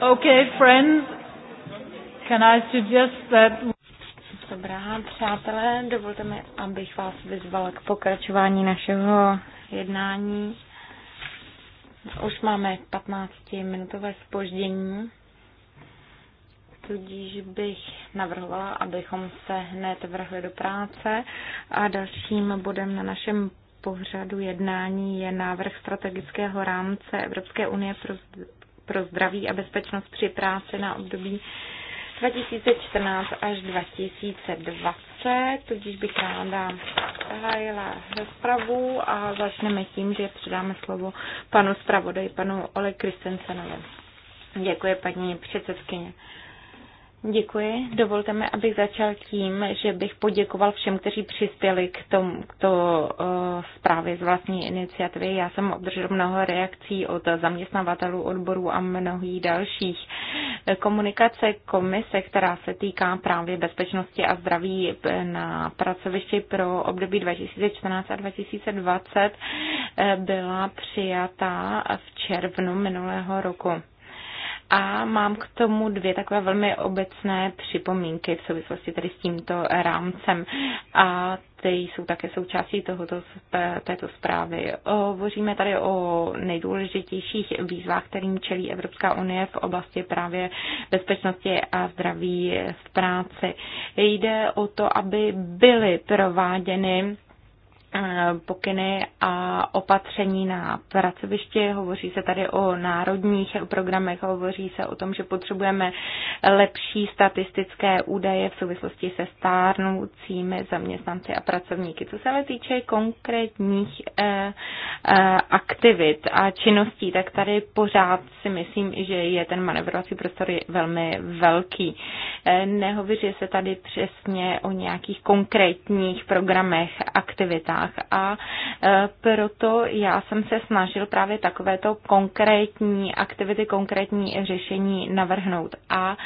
Okay, friends, can I suggest that... Dobrá, přátelé, dovolte mi, abych vás vyzvala k pokračování našeho jednání. Už máme 15-minutové spoždění, tudíž bych navrhovala, abychom se hned vrhli do práce a dalším bodem na našem pořadu jednání je návrh strategického rámce Evropské unie pro pro zdraví a bezpečnost při práci na období 2014 až 2020, tudíž bych ráda zahájila rozpravu a začneme tím, že předáme slovo panu zpravodaji, panu Ole Kristensenovi. Děkuji, paní předsedkyně. Děkuji. Dovolte mi, abych začal tím, že bych poděkoval všem, kteří přispěli k tomu k to, uh, zprávě z vlastní iniciativy. Já jsem obdržel mnoho reakcí od zaměstnavatelů, odborů a mnohých dalších. Komunikace komise, která se týká právě bezpečnosti a zdraví na pracovišti pro období 2014 a 2020, eh, byla přijata v červnu minulého roku. A mám k tomu dvě takové velmi obecné připomínky v souvislosti tedy s tímto rámcem. A ty jsou také součástí tohoto, této zprávy. Hovoříme tady o nejdůležitějších výzvách, kterým čelí Evropská unie v oblasti právě bezpečnosti a zdraví v práci. Jde o to, aby byly prováděny Eh, pokyny a opatření na pracoviště Hovoří se tady o národních programech, hovoří se o tom, že potřebujeme lepší statistické údaje v souvislosti se stárnoucími zaměstnanci a pracovníky. Co se ale týče konkrétních eh, eh, aktivit a činností, tak tady pořád si myslím, že je ten manevrovací prostor velmi velký. Nehovoří se tady přesně o nějakých konkrétních programech, aktivitách firmách a e, proto já jsem se snažil právě takovéto konkrétní aktivity, konkrétní řešení navrhnout. A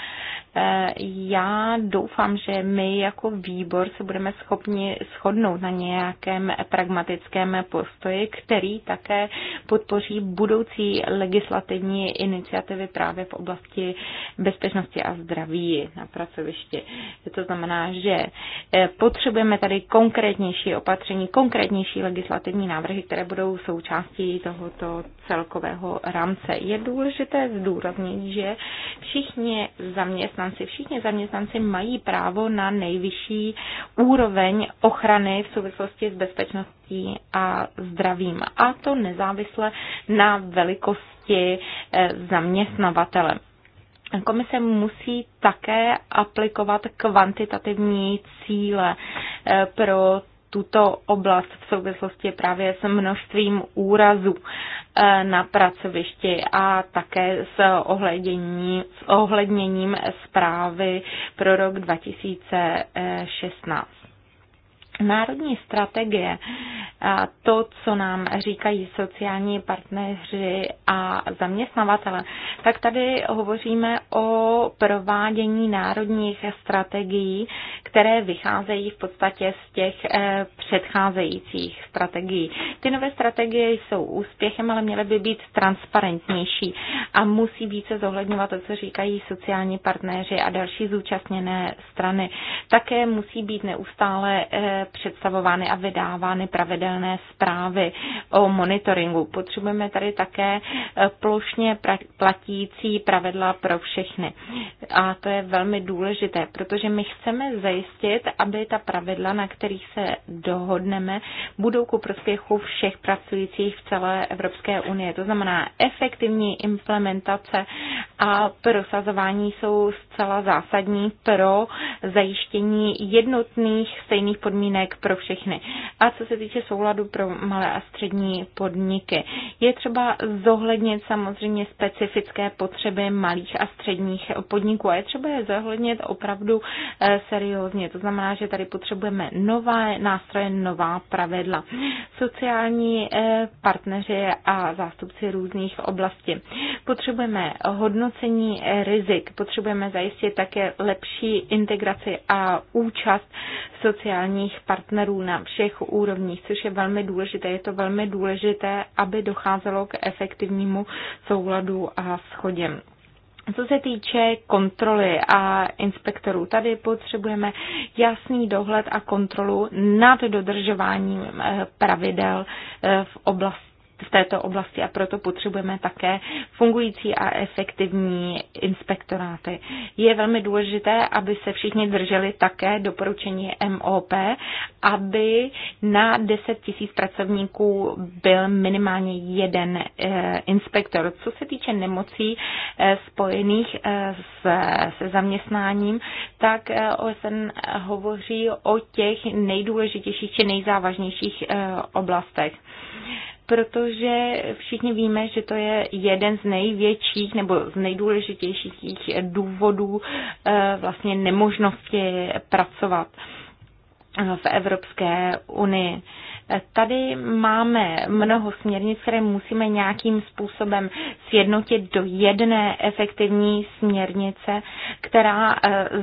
já doufám, že my jako výbor se budeme schopni shodnout na nějakém pragmatickém postoji, který také podpoří budoucí legislativní iniciativy právě v oblasti bezpečnosti a zdraví na pracovišti. To znamená, že eh, potřebujeme tady konkrétnější opatření, konkrétnější legislativní návrhy, které budou součástí tohoto celkového rámce. Je důležité zdůraznit, že všichni zaměstnanci zaměstnanci, všichni zaměstnanci mají právo na nejvyšší úroveň ochrany v souvislosti s bezpečností a zdravím. A to nezávisle na velikosti eh, zaměstnavatele. Komise musí také aplikovat kvantitativní cíle eh, pro tuto oblast v souvislosti právě s množstvím úrazů eh, na pracovišti a také s, ohledění, s ohledněním zprávy pro rok 2016. Národní strategie, to, co nám říkají sociální partneři a zaměstnavatele, tak tady hovoříme o provádění národních strategií, které vycházejí v podstatě z těch eh, předcházejících strategií. Ty nové strategie jsou úspěchem, ale měly by být transparentnější a musí více zohledňovat to, co říkají sociální partneři a další zúčastněné strany. Také musí být neustále eh, představovány a vydávány pravidelné zprávy o monitoringu. Potřebujeme tady také eh, plošně platící pravidla pro všechny. A to je velmi důležité, protože my chceme zajistit, aby ta pravidla, na kterých se dohodneme, budou ku prospěchu všech pracujících v celé Evropské unie. To znamená, efektivní implementace a prosazování jsou zcela zásadní pro zajištění jednotných stejných podmínek podmínek pro všechny. A co se týče souladu pro malé a střední podniky, je třeba zohlednit samozřejmě specifické potřeby malých a středních podniků a je třeba je zohlednit opravdu eh, seriózně. To znamená, že tady potřebujeme nové nástroje, nová pravidla. Sociální eh, partneři a zástupci různých oblastí. Potřebujeme hodnocení eh, rizik, potřebujeme zajistit také lepší integraci a účast sociálních partnerů na všech úrovních, což je velmi důležité. Je to velmi důležité, aby docházelo k efektivnímu souladu a schodě. Co se týče kontroly a inspektorů, tady potřebujeme jasný dohled a kontrolu nad dodržováním eh, pravidel eh, v oblasti v této oblasti a proto potřebujeme také fungující a efektivní inspektoráty. Je velmi důležité, aby se všichni drželi také doporučení MOP, aby na 10 tisíc pracovníků byl minimálně jeden eh, inspektor. Co se týče nemocí eh, spojených eh, se zaměstnáním, tak OSN hovoří o těch nejdůležitějších či nejzávažnějších oblastech protože všichni víme, že to je jeden z největších nebo z nejdůležitějších důvodů eh, vlastně nemožnosti pracovat v Evropské unii. Tady máme mnoho směrnic, které musíme nějakým způsobem sjednotit do jedné efektivní směrnice, která e,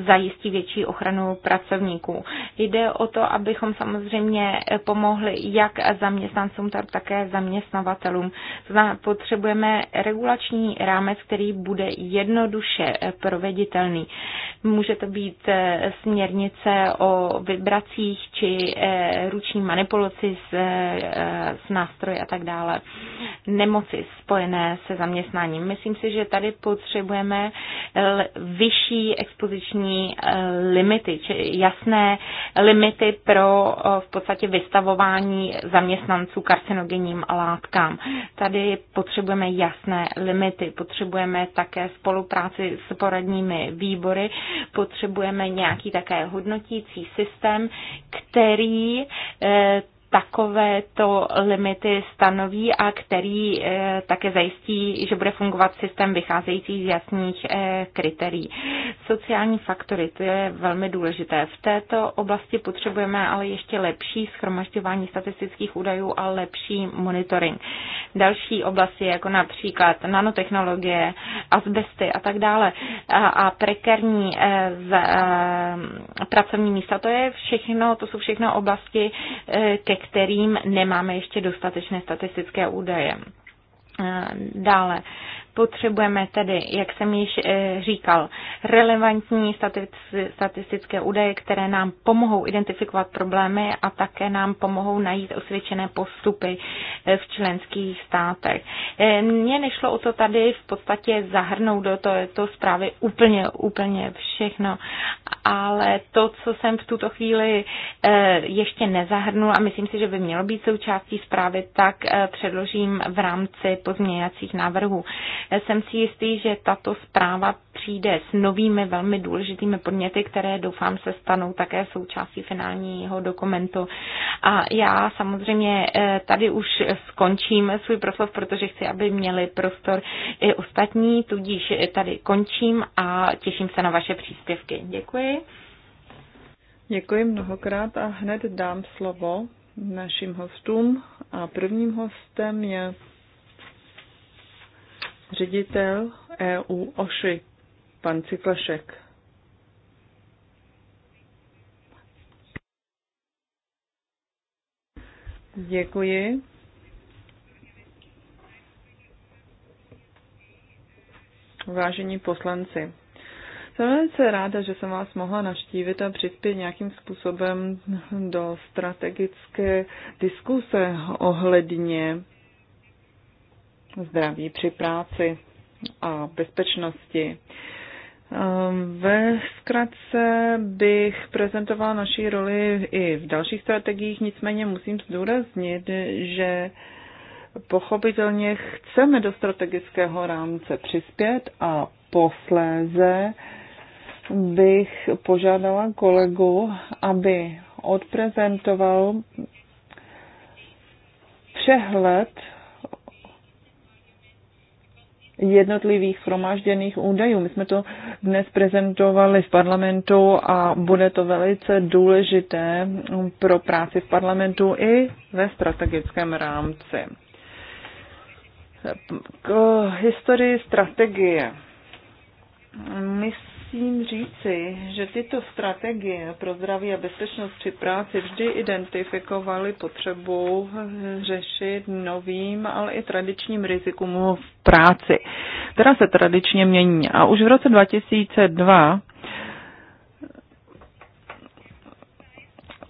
zajistí větší ochranu pracovníků. Jde o to, abychom samozřejmě pomohli jak zaměstnancům, tak také zaměstnavatelům. Potřebujeme regulační rámec, který bude jednoduše proveditelný. Může to být e, směrnice o vibracích či e, ruční manipulaci s z, eh, z nástroje a tak dále, nemoci spojené se zaměstnáním. Myslím si, že tady potřebujeme eh, vyšší expoziční eh, limity, či jasné limity pro v podstatě vystavování zaměstnanců karcinogenním látkám. Tady potřebujeme jasné limity, potřebujeme také spolupráci s poradními výbory, potřebujeme nějaký také hodnotící systém, který takovéto limity stanoví a který eh, také zajistí, že bude fungovat systém vycházející z jasných eh, kritérií. Sociální faktory, to je velmi důležité. V této oblasti potřebujeme ale ještě lepší schromažďování statistických údajů a lepší monitoring. Další oblasti, jako například nanotechnologie, asbesty a tak dále a prekerní eh, pracovní místa, to je všechno, to jsou všechno oblasti, ke kterým nemáme ještě dostatečné statistické údaje. Dále Potřebujeme tedy, jak jsem již eh, říkal, relevantní statistické údaje, které nám pomohou identifikovat problémy a také nám pomohou najít osvědčené postupy eh, v členských státech. Eh, mně nešlo o to tady v podstatě zahrnout do této zprávy úplně, úplně všechno, ale to, co jsem v tuto chvíli ještě nezahrnul a myslím si, že by mělo být součástí zprávy, tak předložím v rámci pozměňovacích návrhů jsem si jistý, že tato zpráva přijde s novými velmi důležitými podněty, které doufám se stanou také součástí finálního dokumentu. A já samozřejmě eh, tady už skončím svůj proslov, protože chci, aby měli prostor i ostatní, tudíž tady končím a těším se na vaše příspěvky. Děkuji. Děkuji mnohokrát a hned dám slovo našim hostům. A prvním hostem je ředitel EU OŠI, pan Ciklašek. Děkuji. Vážení poslanci, jsem velice ráda, že jsem vás mohla naštívit a přispět nějakým způsobem do strategické diskuse ohledně zdraví při práci a bezpečnosti. Ehm, ve zkratce bych prezentovala naší roli i v dalších strategiích, nicméně musím zdůraznit, že pochopitelně chceme do strategického rámce přispět a posléze bych požádala kolegu, aby odprezentoval přehled jednotlivých shromážděných údajů. My jsme to dnes prezentovali v parlamentu a bude to velice důležité pro práci v parlamentu i ve strategickém rámci. K historii strategie. My musím říci, že tyto strategie pro zdraví a bezpečnost při práci vždy identifikovaly potřebu řešit novým, ale i tradičním rizikům v práci, která se tradičně mění. A už v roce 2002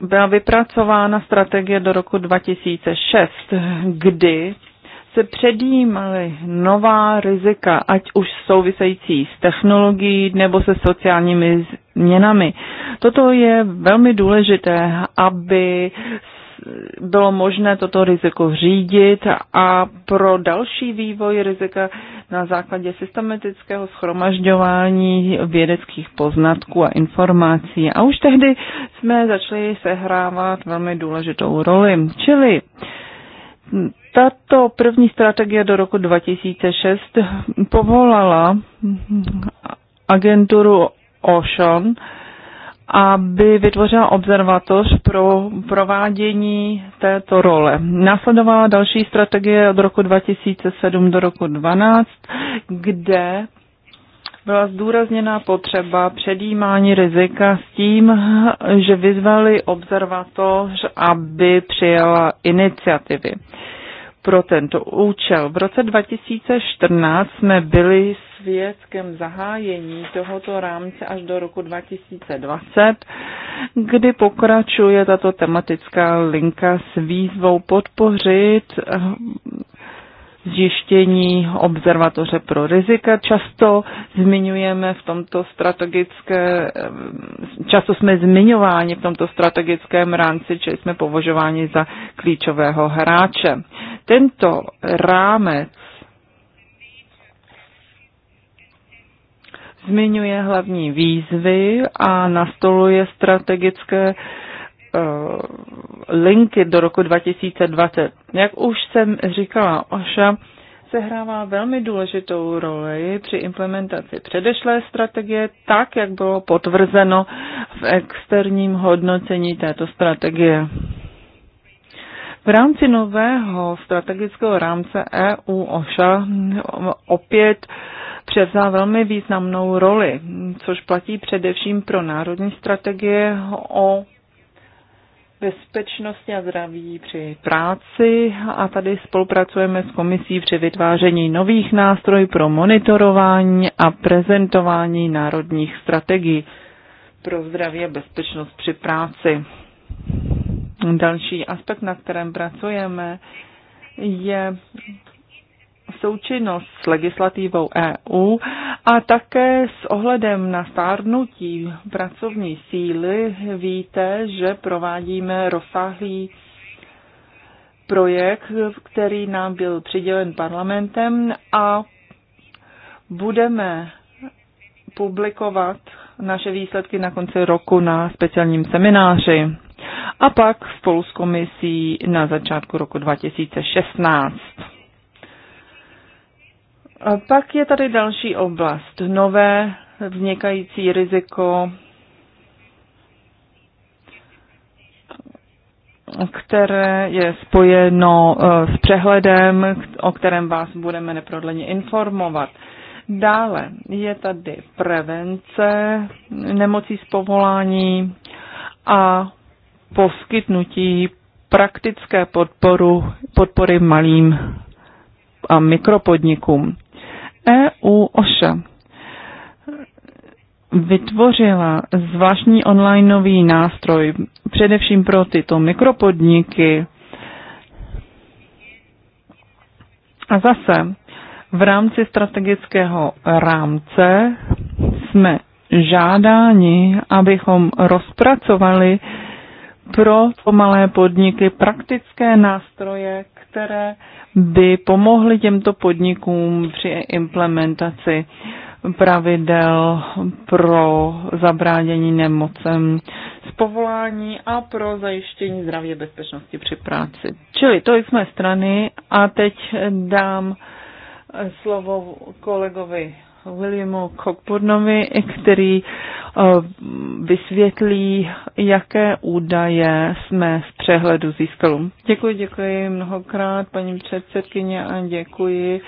byla vypracována strategie do roku 2006, kdy se předjímaly nová rizika, ať už související s technologií nebo se sociálními změnami. Toto je velmi důležité, aby bylo možné toto riziko řídit a pro další vývoj rizika na základě systematického schromažďování vědeckých poznatků a informací. A už tehdy jsme začali sehrávat velmi důležitou roli. Čili uh, tato první strategie do roku 2006 povolala agenturu Ocean, aby vytvořila observatoř pro provádění této role. Následovala další strategie od roku 2007 do roku 2012, kde byla zdůrazněna potřeba předjímání rizika s tím, že vyzvali observatoř, aby přijala iniciativy. Pro tento účel v roce 2014 jsme byli svědkem zahájení tohoto rámce až do roku 2020, kdy pokračuje tato tematická linka s výzvou podpořit zjištění observatoře pro rizika. Často zmiňujeme v tomto strategické, eh, často jsme zmiňováni v tomto strategickém rámci, čili jsme považováni za klíčového hráče. Tento rámec zmiňuje hlavní výzvy a nastoluje strategické Eh, linky do roku 2020. Jak už jsem říkala, OŠA sehrává velmi důležitou roli při implementaci předešlé strategie, tak jak bylo potvrzeno v externím hodnocení této strategie. V rámci nového strategického rámce EU OŠA opět převzal velmi významnou roli, což platí především pro národní strategie o bezpečnosti a zdraví při práci a tady spolupracujeme s komisí při vytváření nových nástrojů pro monitorování a prezentování národních strategií pro zdraví a bezpečnost při práci. Další aspekt, na kterém pracujeme, je součinnost s legislativou EU a také s ohledem na stárnutí pracovní síly víte, že provádíme rozsáhlý projekt, který nám byl přidělen parlamentem a budeme publikovat naše výsledky na konci roku na speciálním semináři a pak spolu s komisí na začátku roku 2016. A pak je tady další oblast, nové vznikající riziko, které je spojeno eh, s přehledem, o kterém vás budeme neprodleně informovat. Dále je tady prevence nemocí z povolání a poskytnutí praktické podporu, podpory malým a mikropodnikům. EU OŠA vytvořila zvláštní online nový nástroj, především pro tyto mikropodniky. A zase v rámci strategického rámce jsme žádáni, abychom rozpracovali pro malé podniky praktické nástroje, které by pomohly těmto podnikům při implementaci pravidel pro zabránění nemocem z povolání a pro zajištění zdraví a bezpečnosti při práci. Čili to je z mé strany a teď dám slovo kolegovi Williamu Cockburnovi, který Eh, vysvětlí, jaké údaje jsme z přehledu získali. Děkuji, děkuji mnohokrát, paní předsedkyně, a děkuji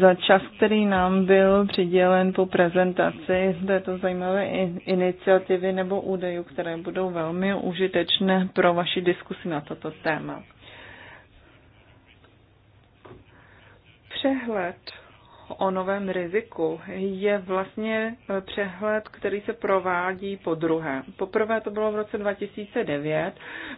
za čas, který nám byl přidělen po prezentaci této zajímavé iniciativy nebo údajů, které budou velmi užitečné pro vaši diskusi na toto téma. Přehled o novém riziku je vlastně e, přehled, který se provádí po druhé. Poprvé to bylo v roce 2009.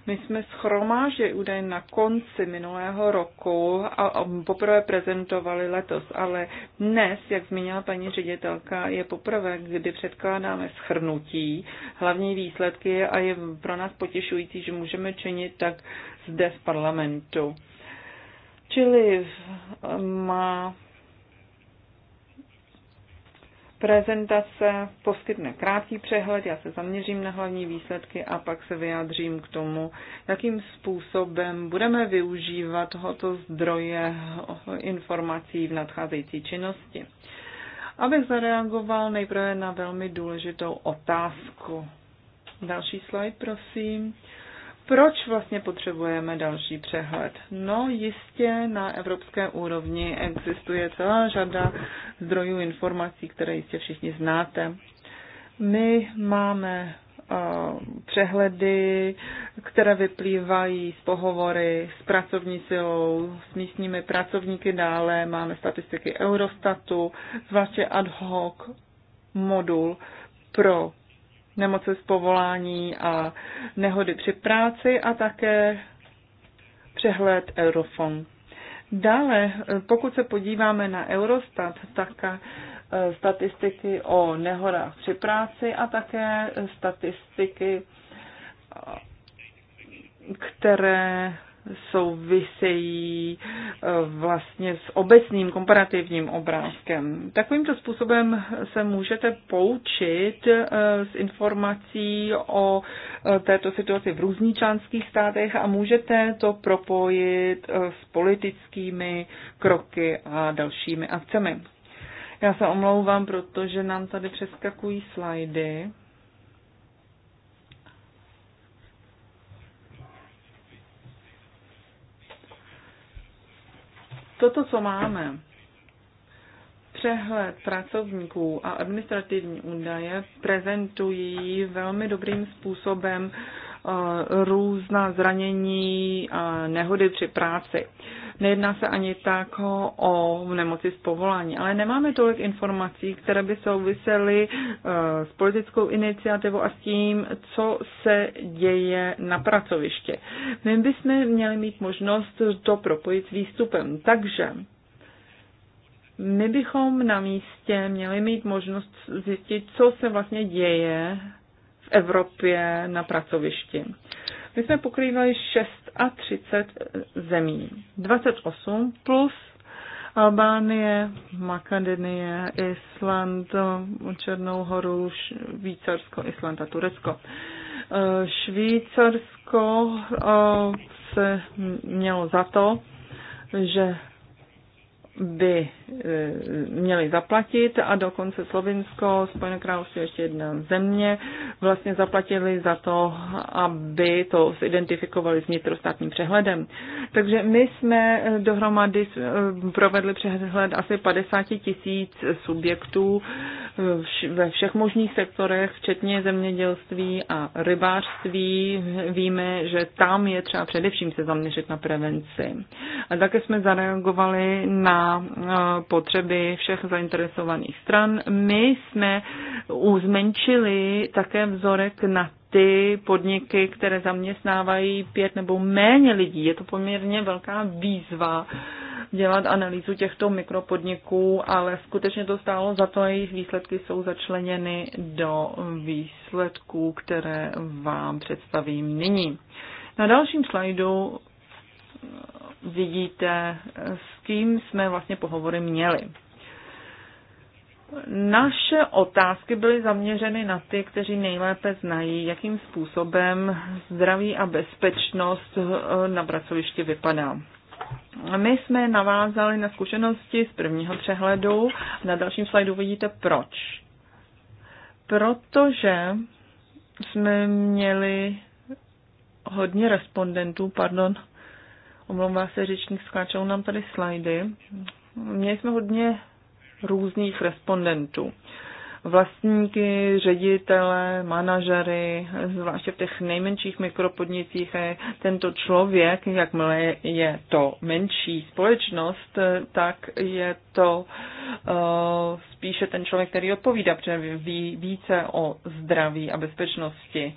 My jsme schromážili údaj na konci minulého roku a poprvé prezentovali letos, ale dnes, jak zmínila paní ředitelka, je poprvé, kdy předkládáme schrnutí, hlavní výsledky a je pro nás potěšující, že můžeme činit tak zde v parlamentu. Čili e, má Prezentace poskytne krátký přehled, já se zaměřím na hlavní výsledky a pak se vyjádřím k tomu, jakým způsobem budeme využívat tohoto zdroje informací v nadcházející činnosti. Abych zareagoval nejprve na velmi důležitou otázku. Další slide, prosím. Proč vlastně potřebujeme další přehled? No jistě na evropské úrovni existuje celá řada zdrojů informací, které jistě všichni znáte. My máme eh, přehledy, které vyplývají z pohovory s pracovní silou, s místními pracovníky dále, máme statistiky Eurostatu, zvláště ad hoc modul pro nemoci z povolání a nehody při práci a také přehled Eurofond. Dále, pokud se podíváme na Eurostat, tak eh, statistiky o nehodách při práci a také statistiky, eh, které souvisejí eh, vlastně s obecným komparativním obrázkem. Takovýmto způsobem se můžete poučit s eh, informací o eh, této situaci v různých členských státech a můžete to propojit s politickými kroky a dalšími akcemi. Já se omlouvám, protože nám tady přeskakují slajdy. Toto, co máme, přehled pracovníků a administrativní údaje prezentují velmi dobrým způsobem eh, různá zranění a nehody při práci. Nejedná se ani tak o nemoci z povolání, ale nemáme tolik informací, které by souvisely eh, s politickou iniciativou a s tím, co se děje na pracoviště. My bychom měli mít možnost to propojit s výstupem. Takže my bychom na místě měli mít možnost zjistit, co se vlastně děje v Evropě na pracovišti. My jsme pokrývali 36 zemí. 28 plus Albánie, Makedonie, Island, Černou horu, Švýcarsko, Island a Turecko. Eh, Švýcarsko eh, se mělo za to, že by e, měli zaplatit a dokonce Slovinsko, Spojené království ještě jedna země, vlastně zaplatili za to, aby to zidentifikovali s vnitrostátním přehledem. Takže my jsme e, dohromady e, provedli přehled asi 50 tisíc subjektů ve všech možných sektorech, včetně zemědělství a rybářství. Víme, že tam je třeba především se zaměřit na prevenci. A také jsme zareagovali na Eh, potřeby všech zainteresovaných stran. My jsme uzmenšili také vzorek na ty podniky, které zaměstnávají pět nebo méně lidí. Je to poměrně velká výzva dělat analýzu těchto mikropodniků, ale skutečně to stálo za to, jejich výsledky jsou začleněny do výsledků, které vám představím nyní. Na dalším slajdu vidíte, s kým jsme vlastně pohovory měli. Naše otázky byly zaměřeny na ty, kteří nejlépe znají, jakým způsobem zdraví a bezpečnost eh, na pracovišti vypadá. My jsme navázali na zkušenosti z prvního přehledu. Na dalším slajdu vidíte proč. Protože jsme měli hodně respondentů, pardon, Omlouvá se řečník, skáčou nám tady slajdy. Měli jsme hodně různých respondentů. Vlastníky, ředitele, manažery, zvláště v těch nejmenších mikropodnicích. Tento člověk, jakmile je to menší společnost, tak je to uh, spíše ten člověk, který odpovídá, protože ví více o zdraví a bezpečnosti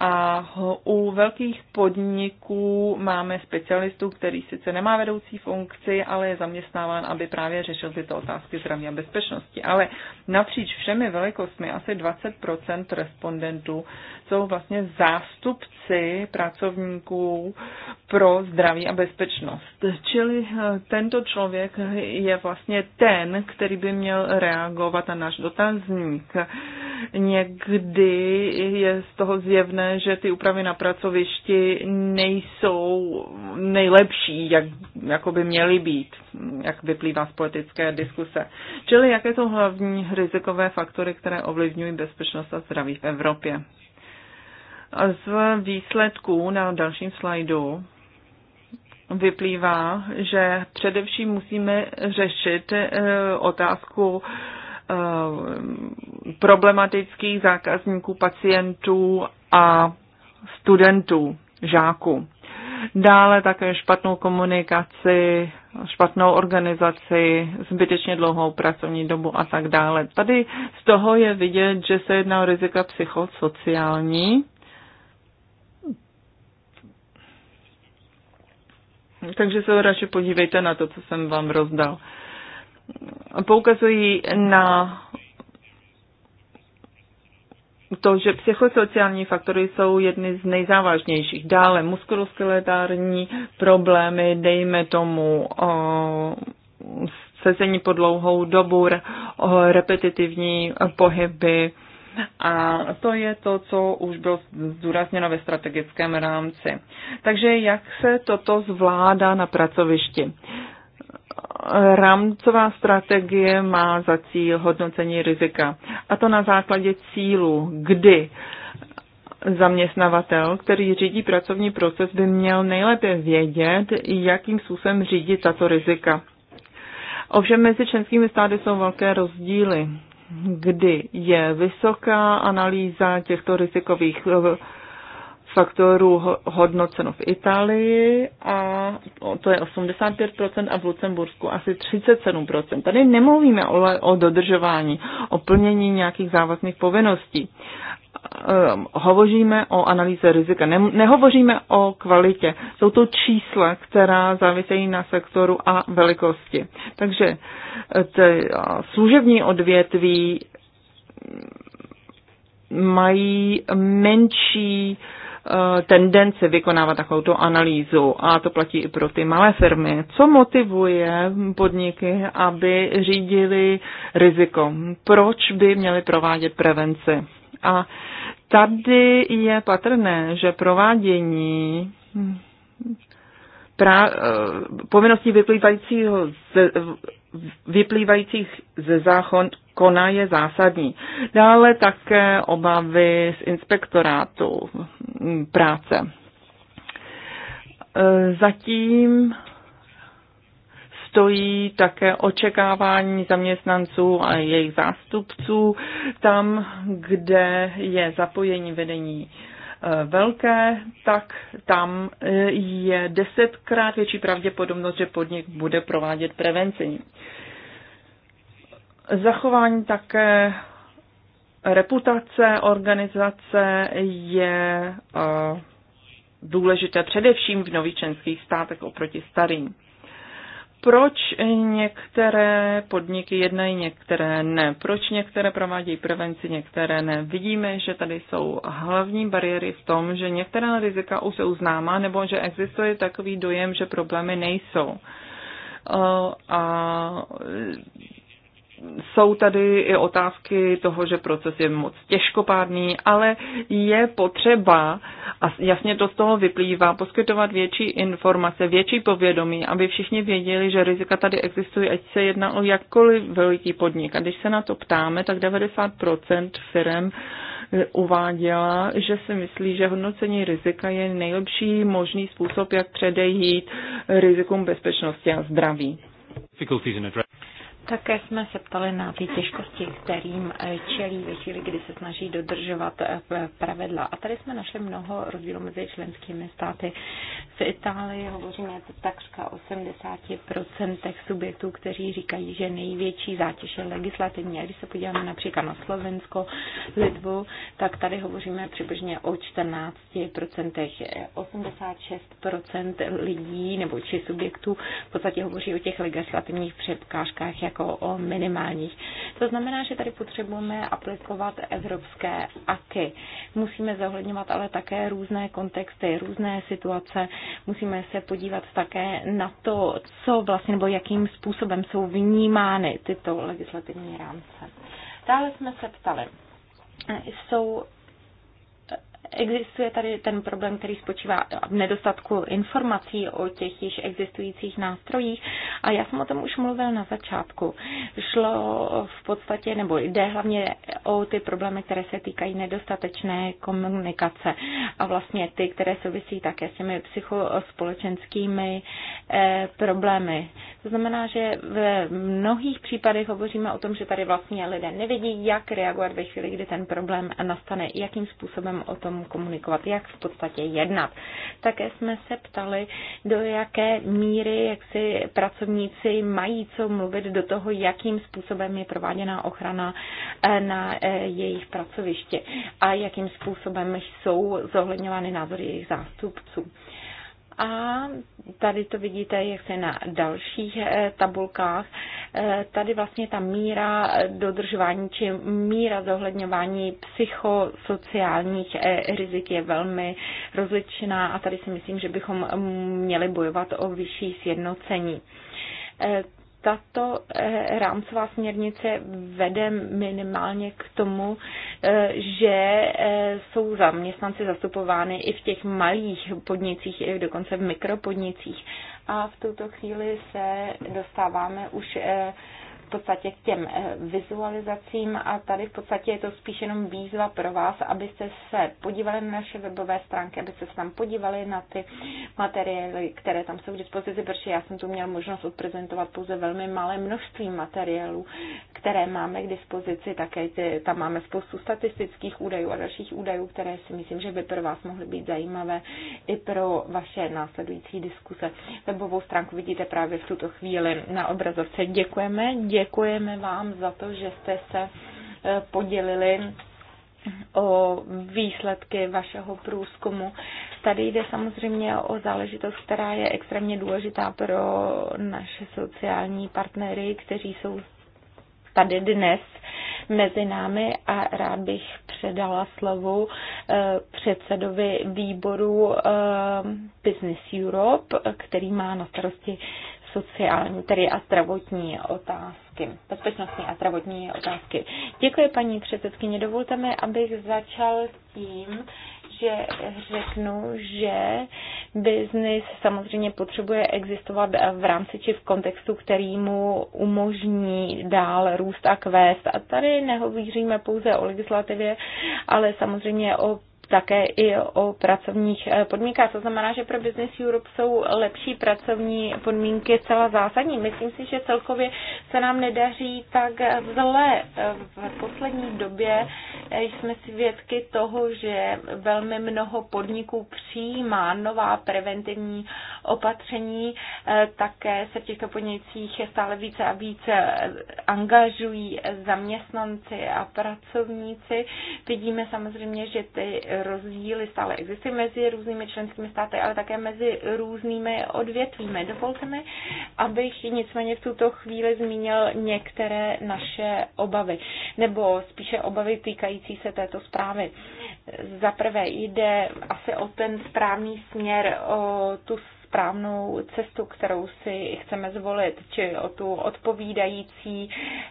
a u velkých podniků máme specialistu, který sice nemá vedoucí funkci, ale je zaměstnáván, aby právě řešil tyto otázky zdraví a bezpečnosti. Ale napříč všemi velikostmi asi 20% respondentů jsou vlastně zástupci pracovníků pro zdraví a bezpečnost. Čili eh, tento člověk je vlastně ten, který by měl reagovat na náš dotazník někdy je z toho zjevné, že ty úpravy na pracovišti nejsou nejlepší, jak jako by měly být, jak vyplývá z politické diskuse. Čili jaké jsou hlavní rizikové faktory, které ovlivňují bezpečnost a zdraví v Evropě? A z výsledků na dalším slajdu vyplývá, že především musíme řešit eh, otázku Eh, problematických zákazníků, pacientů a studentů, žáků. Dále také špatnou komunikaci, špatnou organizaci, zbytečně dlouhou pracovní dobu a tak dále. Tady z toho je vidět, že se jedná o rizika psychosociální. Takže se radši podívejte na to, co jsem vám rozdal poukazují na to, že psychosociální faktory jsou jedny z nejzávažnějších. Dále muskuloskeletární problémy, dejme tomu sezení po dlouhou dobu, repetitivní pohyby. A to je to, co už bylo zdůrazněno ve strategickém rámci. Takže jak se toto zvládá na pracovišti? Rámcová strategie má za cíl hodnocení rizika. A to na základě cílu, kdy zaměstnavatel, který řídí pracovní proces, by měl nejlépe vědět, jakým způsobem řídit tato rizika. Ovšem mezi členskými státy jsou velké rozdíly, kdy je vysoká analýza těchto rizikových faktorů hodnoceno v Itálii a to je 85% a v Lucembursku asi 37%. Tady nemluvíme o, o dodržování, o plnění nějakých závazných povinností. Ehm, hovoříme o analýze rizika, ne, nehovoříme o kvalitě. Jsou to čísla, která závisejí na sektoru a velikosti. Takže eh, te, služební odvětví mm, mají menší uh, Eh, tendence vykonávat takovou analýzu a to platí i pro ty malé firmy. Co motivuje podniky, aby řídili riziko? Proč by měli provádět prevenci? A tady je patrné, že provádění hm, pra, eh, povinností vyplývajícího vyplývajících ze zákona je zásadní. Dále také obavy z inspektorátu práce. E, zatím stojí také očekávání zaměstnanců a jejich zástupců tam, kde je zapojení vedení velké, tak tam e, je desetkrát větší pravděpodobnost, že podnik bude provádět prevenci. Zachování také reputace organizace je e, důležité především v novičenských státech oproti starým proč některé podniky jednají, některé ne, proč některé provádějí prevenci, některé ne. Vidíme, že tady jsou hlavní bariéry v tom, že některá rizika už jsou známa, nebo že existuje takový dojem, že problémy nejsou. A jsou tady i otázky toho, že proces je moc těžkopádný, ale je potřeba, a jasně to z toho vyplývá, poskytovat větší informace, větší povědomí, aby všichni věděli, že rizika tady existují, ať se jedná o jakkoliv veliký podnik. A když se na to ptáme, tak 90% firm eh, uváděla, že si myslí, že hodnocení rizika je nejlepší možný způsob, jak předejít rizikům bezpečnosti a zdraví. Také jsme se ptali na ty těžkosti, kterým eh, čelí ve chvíli, kdy se snaží dodržovat eh, pravidla. A tady jsme našli mnoho rozdílů mezi členskými státy. V Itálii hovoříme takřka 80% subjektů, kteří říkají, že největší zátěž je legislativní. A když se podíváme například na Slovensko, Litvu, tak tady hovoříme přibližně o 14%. 86% lidí nebo či subjektů v podstatě hovoří o těch legislativních překážkách, jak jako o minimálních. To znamená, že tady potřebujeme aplikovat evropské aky. Musíme zohledňovat ale také různé kontexty, různé situace. Musíme se podívat také na to, co vlastně nebo jakým způsobem jsou vnímány tyto legislativní rámce. Dále jsme se ptali, jsou Existuje tady ten problém, který spočívá v nedostatku informací o těch již existujících nástrojích a já jsem o tom už mluvil na začátku. Šlo v podstatě, nebo jde hlavně o ty problémy, které se týkají nedostatečné komunikace a vlastně ty, které souvisí také s těmi psychospolečenskými eh, problémy. To znamená, že v mnohých případech hovoříme o tom, že tady vlastně lidé nevědí, jak reagovat ve chvíli, kdy ten problém nastane, jakým způsobem o tom komunikovat, jak v podstatě jednat. Také jsme se ptali, do jaké míry jak si pracovníci mají co mluvit do toho, jakým způsobem je prováděna ochrana eh, na eh, jejich pracovišti a jakým způsobem jsou zohledňovány názory jejich zástupců. A tady to vidíte, jak se na dalších eh, tabulkách Eh, tady vlastně ta míra dodržování či míra zohledňování psychosociálních eh, rizik je velmi rozličná a tady si myslím, že bychom měli bojovat o vyšší sjednocení eh, tato rámcová směrnice vede minimálně k tomu, že jsou zaměstnanci zastupovány i v těch malých podnicích, i dokonce v mikropodnicích a v tuto chvíli se dostáváme už eh, v podstatě k těm eh, vizualizacím a tady v podstatě je to spíš jenom výzva pro vás, abyste se podívali na naše webové stránky, abyste se tam podívali na ty materiály, které tam jsou k dispozici, protože já jsem tu měla možnost odprezentovat pouze velmi malé množství materiálů, které máme k dispozici, také ty, tam máme spoustu statistických údajů a dalších údajů, které si myslím, že by pro vás mohly být zajímavé i pro vaše následující diskuse. Webovou stránku vidíte právě v tuto chvíli na obrazovce. Děkujeme. Děkujeme Děkujeme vám za to, že jste se e, podělili o výsledky vašeho průzkumu. Tady jde samozřejmě o záležitost, která je extrémně důležitá pro naše sociální partnery, kteří jsou tady dnes mezi námi a rád bych předala slovu e, předsedovi výboru e, Business Europe, který má na starosti sociální, tedy a zdravotní otázky, bezpečnostní a zdravotní otázky. Děkuji, paní předsedkyně. Dovolte mi, abych začal tím, že řeknu, že biznis samozřejmě potřebuje existovat v rámci či v kontextu, který mu umožní dál růst a kvést. A tady nehovíříme pouze o legislativě, ale samozřejmě o také i o pracovních eh, podmínkách. To znamená, že pro Business Europe jsou lepší pracovní podmínky celá zásadní. Myslím si, že celkově se nám nedaří tak eh, zle. Eh, v poslední době jsme svědky toho, že velmi mnoho podniků přijímá nová preventivní opatření. Také se v těchto podnicích stále více a více angažují zaměstnanci a pracovníci. Vidíme samozřejmě, že ty rozdíly stále existují mezi různými členskými státy, ale také mezi různými odvětvími. Dovolte mi, abych nicméně v tuto chvíli zmínil některé naše obavy, nebo spíše obavy týkající se této zprávy. Za prvé jde asi o ten správný směr, o tu správnou cestu, kterou si chceme zvolit, či o tu odpovídající,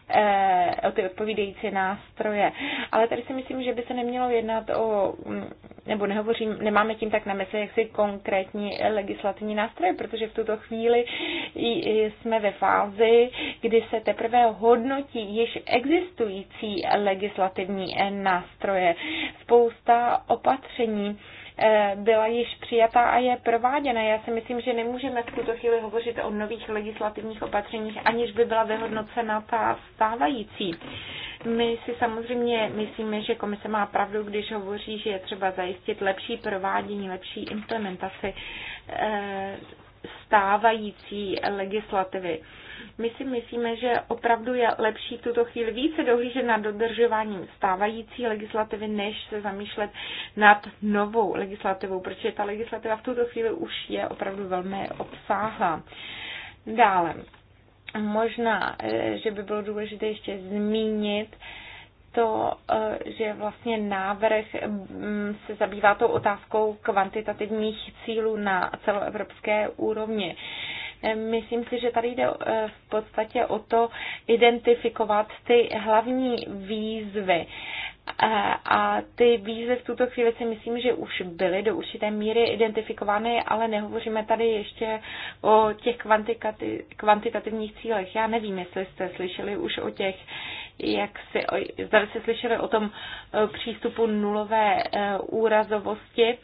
eh, o ty odpovídající nástroje. Ale tady si myslím, že by se nemělo jednat o, mm, nebo nehovořím, nemáme tím tak na mysli, jak si konkrétní legislativní nástroje, protože v tuto chvíli jsme ve fázi, kdy se teprve hodnotí již existující legislativní eh, nástroje. Spousta opatření, Eh, byla již přijatá a je prováděna. Já si myslím, že nemůžeme v tuto chvíli hovořit o nových legislativních opatřeních, aniž by byla vyhodnocena ta stávající. My si samozřejmě myslíme, že komise má pravdu, když hovoří, že je třeba zajistit lepší provádění, lepší implementaci eh, stávající legislativy. My si myslíme, že opravdu je lepší v tuto chvíli více dohlížet na dodržování stávající legislativy, než se zamýšlet nad novou legislativou, protože ta legislativa v tuto chvíli už je opravdu velmi obsáhlá. Dále, možná, eh, že by bylo důležité ještě zmínit, to, eh, že vlastně návrh mm, se zabývá tou otázkou kvantitativních cílů na celoevropské úrovni. Myslím si, že tady jde eh, v podstatě o to identifikovat ty hlavní výzvy. Eh, a ty výzvy v tuto chvíli si myslím, že už byly do určité míry identifikovány, ale nehovoříme tady ještě o těch kvantitativních cílech. Já nevím, jestli jste slyšeli už o těch, jak si, zda jste slyšeli o tom eh, přístupu nulové úrazovosti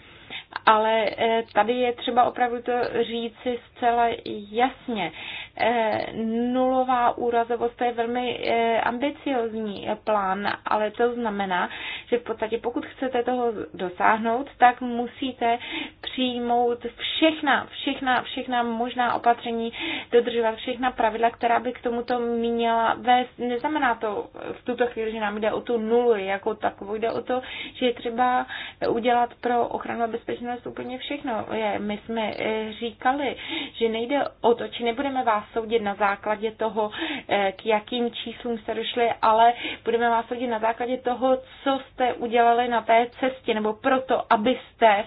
ale eh, tady je třeba opravdu to říci zcela jasně. Eh, nulová úrazovost to je velmi eh, ambiciozní plán, ale to znamená, že v podstatě pokud chcete toho dosáhnout, tak musíte přijmout všechna, všechna, všechna možná opatření, dodržovat všechna pravidla, která by k tomuto měla vést. Neznamená to v tuto chvíli, že nám jde o tu nulu jako takovou, jde o to, že je třeba udělat pro ochranu a bezpečnost stížnost úplně všechno. Je, my jsme eh, říkali, že nejde o to, či nebudeme vás soudit na základě toho, eh, k jakým číslům jste došli, ale budeme vás soudit na základě toho, co jste udělali na té cestě, nebo proto, abyste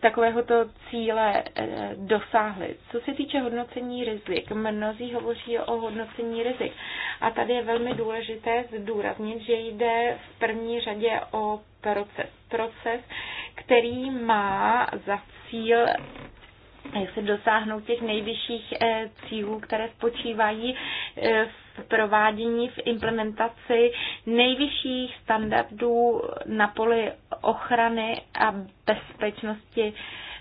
takovéhoto cíle eh, dosáhli. Co se týče hodnocení rizik, mnozí hovoří o hodnocení rizik. A tady je velmi důležité zdůraznit, že jde v první řadě o proces. Proces, který má za cíl jak se dosáhnout těch nejvyšších eh, cílů, které spočívají eh, v provádění, v implementaci nejvyšších standardů na poli ochrany a bezpečnosti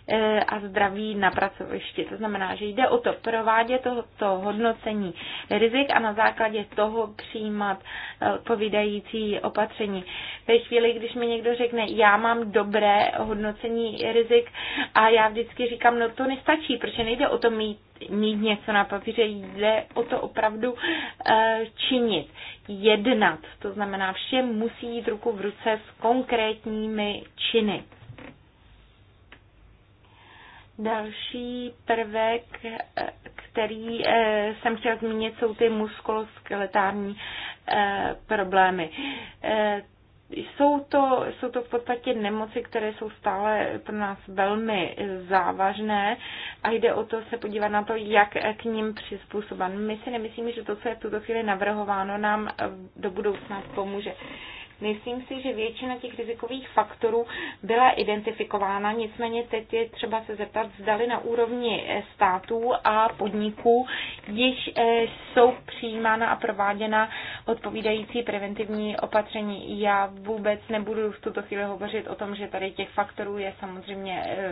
Eh, a zdraví na pracovišti. To znamená, že jde o to provádět to hodnocení rizik a na základě toho přijímat eh, odpovídající opatření. Ve chvíli, když mi někdo řekne, já mám dobré hodnocení rizik a já vždycky říkám, no to nestačí, protože nejde o to mít mít něco na papíře, jde o to opravdu eh, činit, jednat. To znamená, vše musí jít ruku v ruce s konkrétními činy. Další prvek, eh, který eh, jsem chtěla zmínit, jsou ty muskuloskeletární eh, problémy. Jsou to, jsou to v podstatě nemoci, které jsou stále pro nás velmi závažné a jde o to se podívat na to, jak k ním přizpůsoben. My si nemyslíme, že to, co je v tuto chvíli navrhováno, nám do budoucna pomůže. Myslím si, že většina těch rizikových faktorů byla identifikována, nicméně teď je třeba se zeptat, zdali na úrovni eh, států a podniků již eh, jsou přijímána a prováděna odpovídající preventivní opatření. Já vůbec nebudu v tuto chvíli hovořit o tom, že tady těch faktorů je samozřejmě eh,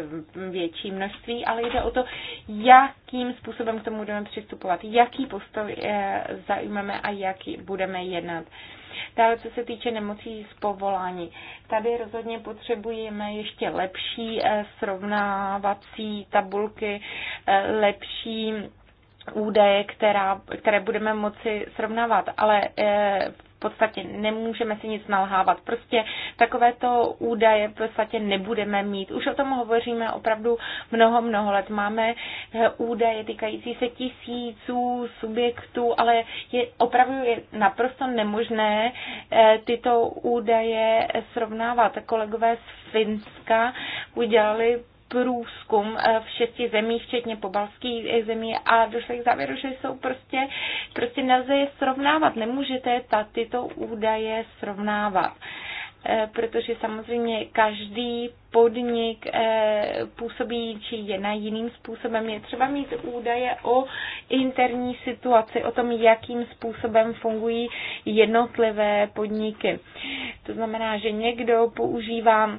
větší množství, ale jde o to, jakým způsobem k tomu budeme přistupovat, jaký postoj zaujmeme a jaký budeme jednat. Dále, co se týče nemocí z povolání. Tady rozhodně potřebujeme ještě lepší eh, srovnávací tabulky, eh, lepší údaje, která, které budeme moci srovnávat, ale eh, podstatě nemůžeme si nic nalhávat. Prostě takovéto údaje v podstatě nebudeme mít. Už o tom hovoříme opravdu mnoho, mnoho let. Máme eh, údaje týkající se tisíců subjektů, ale je opravdu je naprosto nemožné eh, tyto údaje srovnávat. Kolegové z Finska udělali průzkum eh, v šesti zemích, včetně pobalských eh, zemí a došli k závěru, že jsou prostě, prostě nelze je srovnávat, nemůžete ta, tyto údaje srovnávat eh, protože samozřejmě každý podnik působí či je na jiným způsobem. Je třeba mít údaje o interní situaci, o tom, jakým způsobem fungují jednotlivé podniky. To znamená, že někdo používá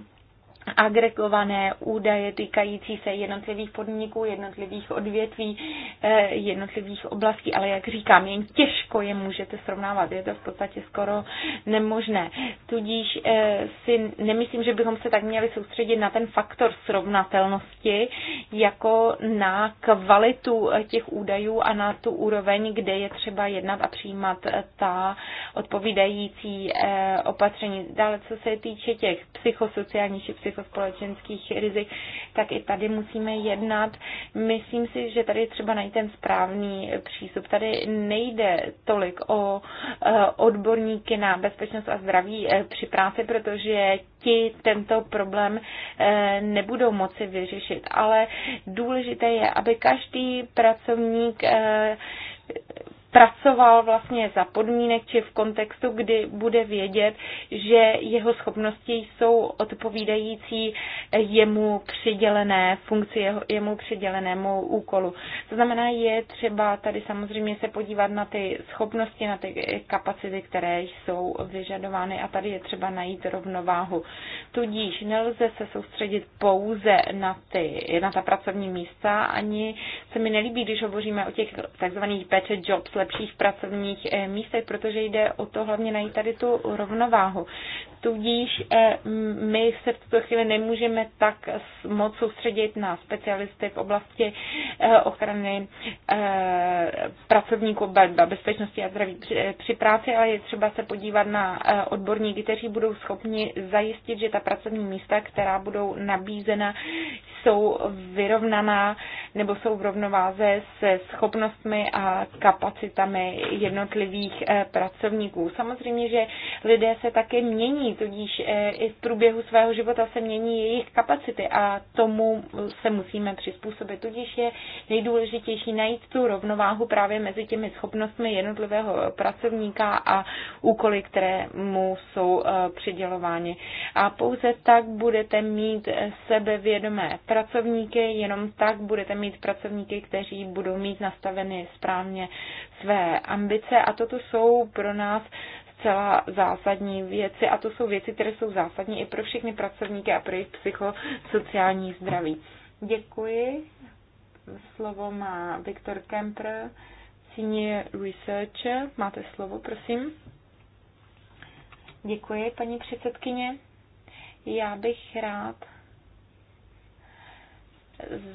agregované údaje týkající se jednotlivých podniků, jednotlivých odvětví, eh, jednotlivých oblastí, ale jak říkám, jen těžko je můžete srovnávat, je to v podstatě skoro nemožné. Tudíž eh, si nemyslím, že bychom se tak měli soustředit na ten faktor srovnatelnosti, jako na kvalitu eh, těch údajů a na tu úroveň, kde je třeba jednat a přijímat ta odpovídající opatření. Dále, co se týče těch psychosociálních či psychosociálních těchto jako společenských rizik, tak i tady musíme jednat. Myslím si, že tady je třeba najít ten správný přístup. Tady nejde tolik o eh, odborníky na bezpečnost a zdraví eh, při práci, protože ti tento problém eh, nebudou moci vyřešit. Ale důležité je, aby každý pracovník pracoval vlastně za podmínek či v kontextu, kdy bude vědět, že jeho schopnosti jsou odpovídající jemu přidělené funkci, jemu přidělenému úkolu. To znamená, je třeba tady samozřejmě se podívat na ty schopnosti, na ty kapacity, které jsou vyžadovány a tady je třeba najít rovnováhu. Tudíž nelze se soustředit pouze na, ty, na ta pracovní místa, ani se mi nelíbí, když hovoříme o těch takzvaných better jobs, lepších pracovních eh, místech, protože jde o to hlavně najít tady tu rovnováhu. Tudíž eh, my se v tuto chvíli nemůžeme tak moc soustředit na specialisty v oblasti eh, ochrany pracovníků bezpečnosti a zdraví při práci, ale je třeba se podívat na odborníky, kteří budou schopni zajistit, že ta pracovní místa, která budou nabízena, jsou vyrovnaná nebo jsou v rovnováze se schopnostmi a kapacit aktivitami jednotlivých eh, pracovníků. Samozřejmě, že lidé se také mění, tudíž eh, i v průběhu svého života se mění jejich kapacity a tomu se musíme přizpůsobit. Tudíž je nejdůležitější najít tu rovnováhu právě mezi těmi schopnostmi jednotlivého pracovníka a úkoly, které mu jsou eh, přidělovány. A pouze tak budete mít sebevědomé pracovníky, jenom tak budete mít pracovníky, kteří budou mít nastaveny správně své ambice a toto jsou pro nás zcela zásadní věci a to jsou věci, které jsou zásadní i pro všechny pracovníky a pro jejich psychosociální zdraví. Děkuji. Slovo má Viktor Kemper, senior researcher. Máte slovo, prosím. Děkuji, paní předsedkyně. Já bych rád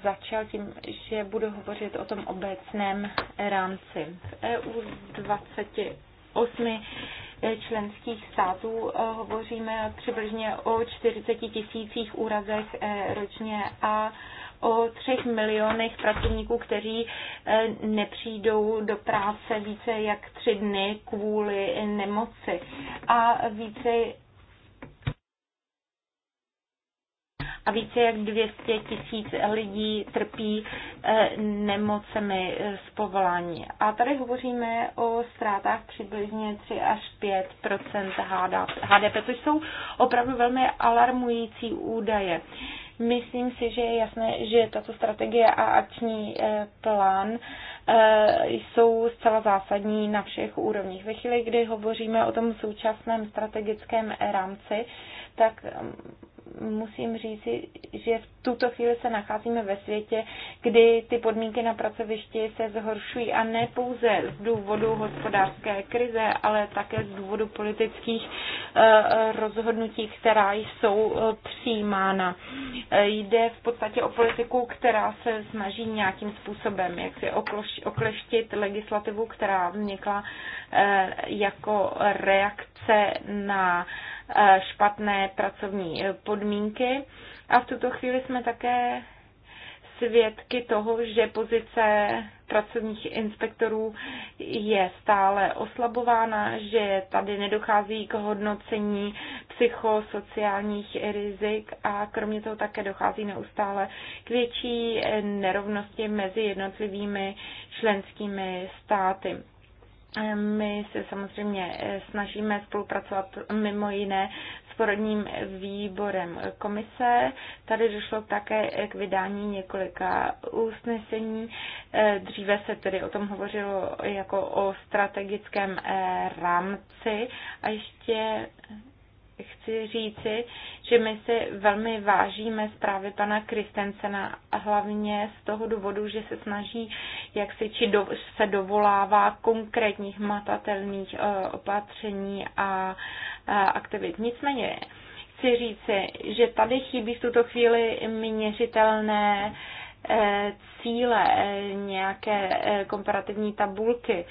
začal tím, že budu hovořit o tom obecném rámci. V EU 28 eh, členských států eh, hovoříme přibližně o 40 tisících úrazech eh, ročně a o třech milionech pracovníků, kteří nepřijdou do práce více jak tři dny kvůli nemoci. A více a více jak 200 tisíc lidí trpí eh, nemocemi eh, z povolání. A tady hovoříme o ztrátách přibližně 3 až 5 HDP, což jsou opravdu velmi alarmující údaje. Myslím si, že je jasné, že tato strategie a akční eh, plán jsou zcela zásadní na všech úrovních. Ve chvíli, kdy hovoříme o tom současném strategickém rámci, tak musím říci, že v tuto chvíli se nacházíme ve světě, kdy ty podmínky na pracovišti se zhoršují a ne pouze z důvodu hospodářské krize, ale také z důvodu politických eh, rozhodnutí, která jsou eh, přijímána. Eh, jde v podstatě o politiku, která se snaží nějakým způsobem jak si okleštit legislativu, která vznikla jako reakce na Eh, špatné pracovní eh, podmínky. A v tuto chvíli jsme také svědky toho, že pozice pracovních inspektorů je stále oslabována, že tady nedochází k hodnocení psychosociálních rizik a kromě toho také dochází neustále k větší eh, nerovnosti mezi jednotlivými členskými státy. My se samozřejmě eh, snažíme spolupracovat mimo jiné s porodním výborem komise. Tady došlo také k vydání několika usnesení. Eh, Dříve se tedy o tom hovořilo jako o strategickém eh, rámci. A ještě chci říci, že my si velmi vážíme zprávy pana Kristensena a hlavně z toho důvodu, že se snaží, jak si či do, se dovolává konkrétních matatelných uh, opatření a uh, aktivit. Nicméně chci říci, že tady chybí v tuto chvíli měřitelné eh, cíle, eh, nějaké komparativní tabulky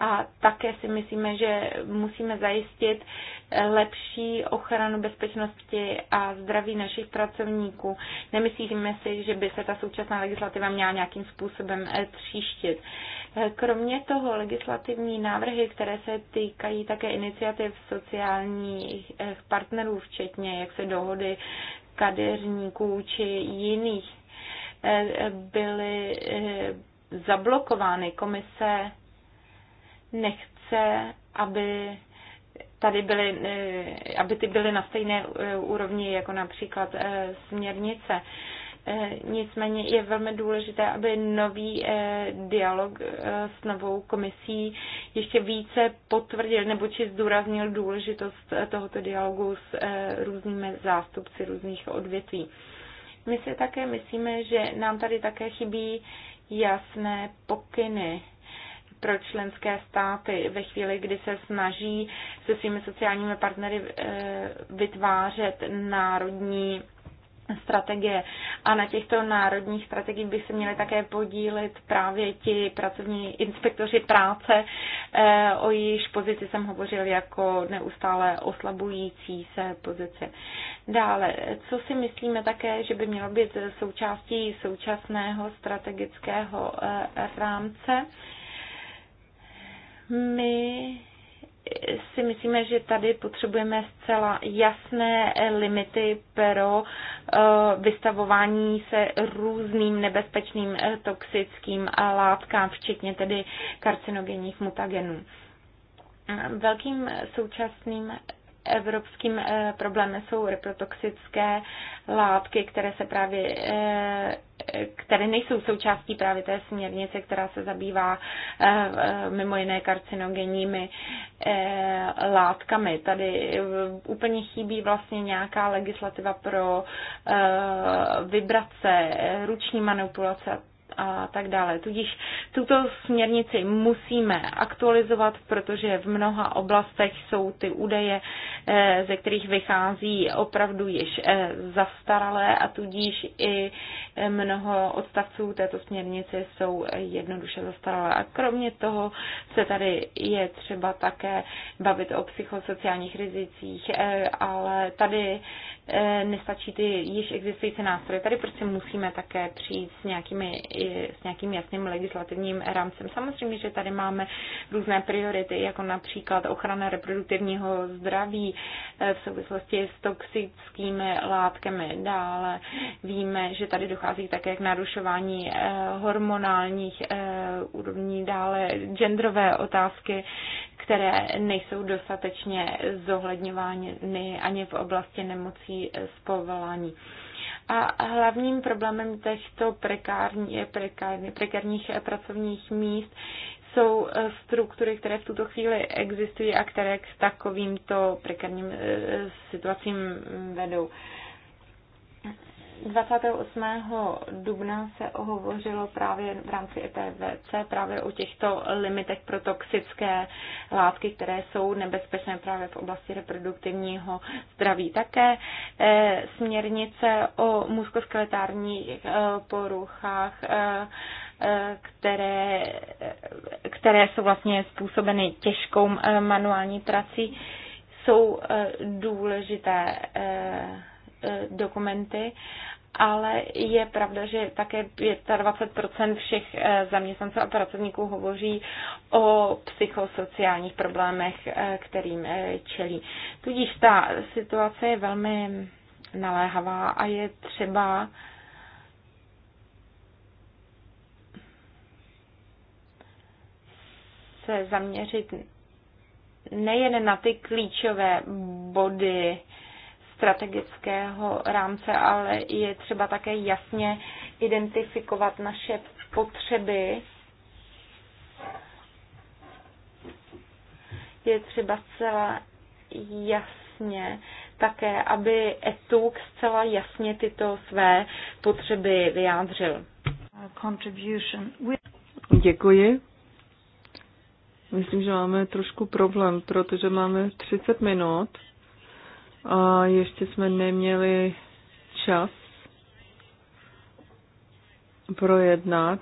a také si myslíme, že musíme zajistit eh, lepší ochranu bezpečnosti a zdraví našich pracovníků. Nemyslíme si, že by se ta současná legislativa měla nějakým způsobem eh, tříštit. Eh, kromě toho legislativní návrhy, které se týkají také iniciativ sociálních partnerů, včetně jak se dohody kadeřníků či jiných, byly zablokovány. Komise nechce, aby tady byly, eh, aby ty byly na stejné eh, úrovni jako například eh, směrnice. Nicméně je velmi důležité, aby nový dialog s novou komisí ještě více potvrdil nebo či zdůraznil důležitost tohoto dialogu s různými zástupci různých odvětví. My si také myslíme, že nám tady také chybí jasné pokyny pro členské státy ve chvíli, kdy se snaží se svými sociálními partnery eh, vytvářet národní strategie. A na těchto národních strategiích by se měli také podílet právě ti pracovní inspektoři práce, eh, o jejíž pozici jsem hovořil jako neustále oslabující se pozice. Dále, co si myslíme také, že by mělo být součástí současného strategického eh, rámce? My si myslíme, že tady potřebujeme zcela jasné limity pro eh, vystavování se různým nebezpečným eh, toxickým látkám, včetně tedy karcinogenních mutagenů. Velkým současným evropským eh, problémem jsou reprotoxické látky, které se právě které nejsou součástí právě té směrnice, která se zabývá eh, eh, mimo jiné karcinogenními eh, látkami. Tady úplně chybí vlastně nějaká legislativa pro vibrace, ruční manipulace a tak dále. Tudíž tuto směrnici musíme aktualizovat, protože v mnoha oblastech jsou ty údaje, eh, ze kterých vychází opravdu již eh, zastaralé a tudíž i eh, mnoho odstavců této směrnice jsou jednoduše zastaralé. A kromě toho se tady je třeba také bavit o psychosociálních rizicích, ale tady nestačí ty již existující nástroje. Tady prostě musíme také přijít s nějakými i s nějakým jasným legislativním rámcem. Samozřejmě, že tady máme různé priority, jako například ochrana reproduktivního zdraví eh, v souvislosti s toxickými látkami. Dále víme, že tady dochází také k narušování eh, hormonálních eh, úrovní, dále genderové otázky, které nejsou dostatečně zohledňovány ani v oblasti nemocí z povolání. A hlavním problémem těchto prekární, prekární, prekárních eh, pracovních míst jsou eh, struktury, které v tuto chvíli existují a které k takovýmto prekárním eh, situacím mm, vedou. 28. dubna se hovořilo právě v rámci ETVC právě o těchto limitech pro toxické látky, které jsou nebezpečné právě v oblasti reproduktivního zdraví. Také eh, směrnice o muskoskeletárních eh, poruchách eh, které, které jsou vlastně způsobeny těžkou manuální prací, jsou důležité dokumenty ale je pravda, že také 25 všech eh, zaměstnanců a pracovníků hovoří o psychosociálních problémech, eh, kterým eh, čelí. Tudíž ta situace je velmi naléhavá a je třeba se zaměřit nejen na ty klíčové body, strategického rámce, ale je třeba také jasně identifikovat naše potřeby. Je třeba zcela jasně také, aby ETUK zcela jasně tyto své potřeby vyjádřil. Děkuji. Myslím, že máme trošku problém, protože máme 30 minut. A ještě jsme neměli čas projednat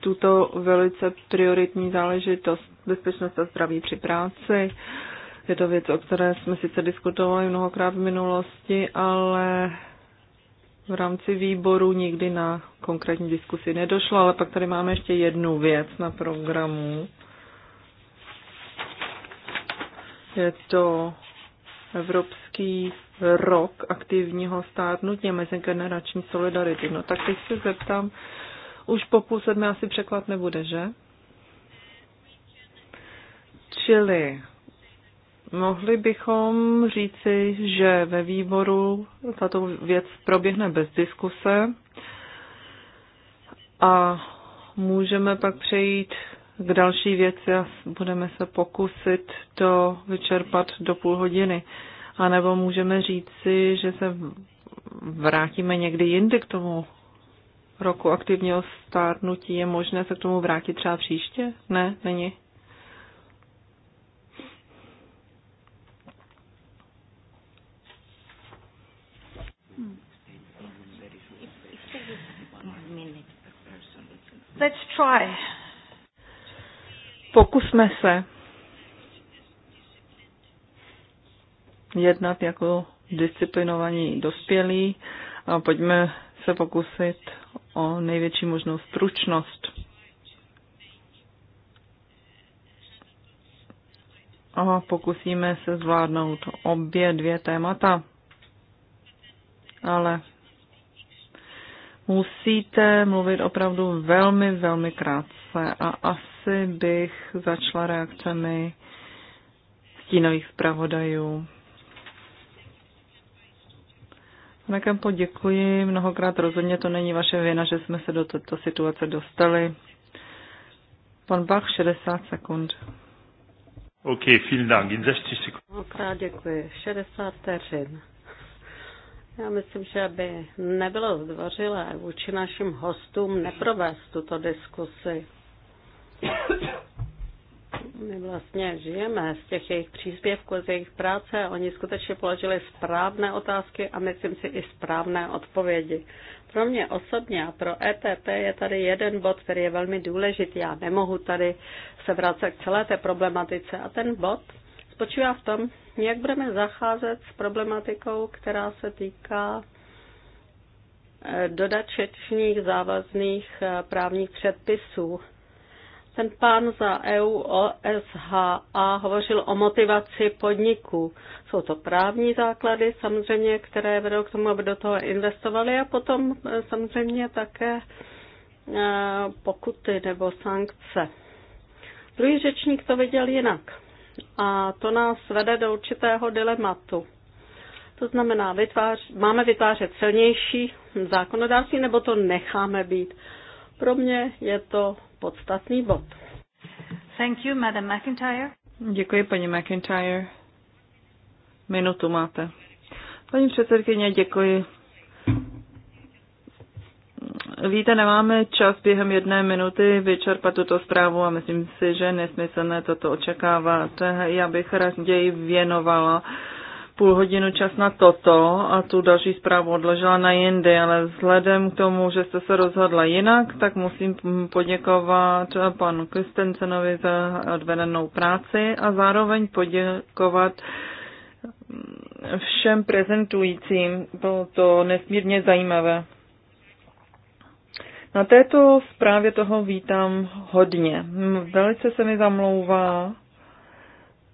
tuto velice prioritní záležitost bezpečnost a zdraví při práci. Je to věc, o které jsme sice diskutovali mnohokrát v minulosti, ale v rámci výboru nikdy na konkrétní diskusi nedošlo, ale pak tady máme ještě jednu věc na programu. Je to Evropský rok aktivního stárnutí a mezigenerační solidarity. No tak teď se zeptám, už po půl sedmi asi překlad nebude, že? Čili mohli bychom říci, že ve výboru tato věc proběhne bez diskuse a můžeme pak přejít k další věci a budeme se pokusit to vyčerpat do půl hodiny. A nebo můžeme říci, že se vrátíme někdy jindy k tomu roku aktivního stárnutí. Je možné se k tomu vrátit třeba příště? Ne, není. Let's try. Pokusme se jednat jako disciplinovaní dospělí a pojďme se pokusit o největší možnou stručnost. A pokusíme se zvládnout obě dvě témata. Ale musíte mluvit opravdu velmi, velmi krátce a asi asi bych začala reakcemi stínových zpravodajů. Pane poděkuji děkuji mnohokrát. Rozhodně to není vaše vina, že jsme se do této situace dostali. Pan Bach, 60 sekund. OK, vielen Dank. In 60 sekund. Mnohokrát děkuji. 60 vteřin. Já myslím, že by nebylo zdvořilé vůči našim hostům neprovést tuto diskusi. My vlastně žijeme z těch jejich příspěvků, z jejich práce. Oni skutečně položili správné otázky a myslím si i správné odpovědi. Pro mě osobně a pro EPP je tady jeden bod, který je velmi důležitý. Já nemohu tady se vracet k celé té problematice. A ten bod spočívá v tom, jak budeme zacházet s problematikou, která se týká eh, dodačečních závazných eh, právních předpisů ten pán za EU OSHA hovořil o motivaci podniků. Jsou to právní základy samozřejmě, které vedou k tomu, aby do toho investovali a potom eh, samozřejmě také eh, pokuty nebo sankce. Druhý řečník to viděl jinak a to nás vede do určitého dilematu. To znamená, vytvář, máme vytvářet silnější zákonodárství, nebo to necháme být. Pro mě je to podstatný bod. Thank you, Madam McIntyre. Děkuji, paní McIntyre. Minutu máte. Paní předsedkyně, děkuji. Víte, nemáme čas během jedné minuty vyčerpat tuto zprávu a myslím si, že nesmyslné toto očekávat. Já bych raději věnovala půl hodinu čas na toto a tu další zprávu odložila na jindy, ale vzhledem k tomu, že jste se rozhodla jinak, tak musím poděkovat panu Kristensenovi za odvedenou práci a zároveň poděkovat všem prezentujícím. Bylo to nesmírně zajímavé. Na této zprávě toho vítám hodně. Velice se mi zamlouvá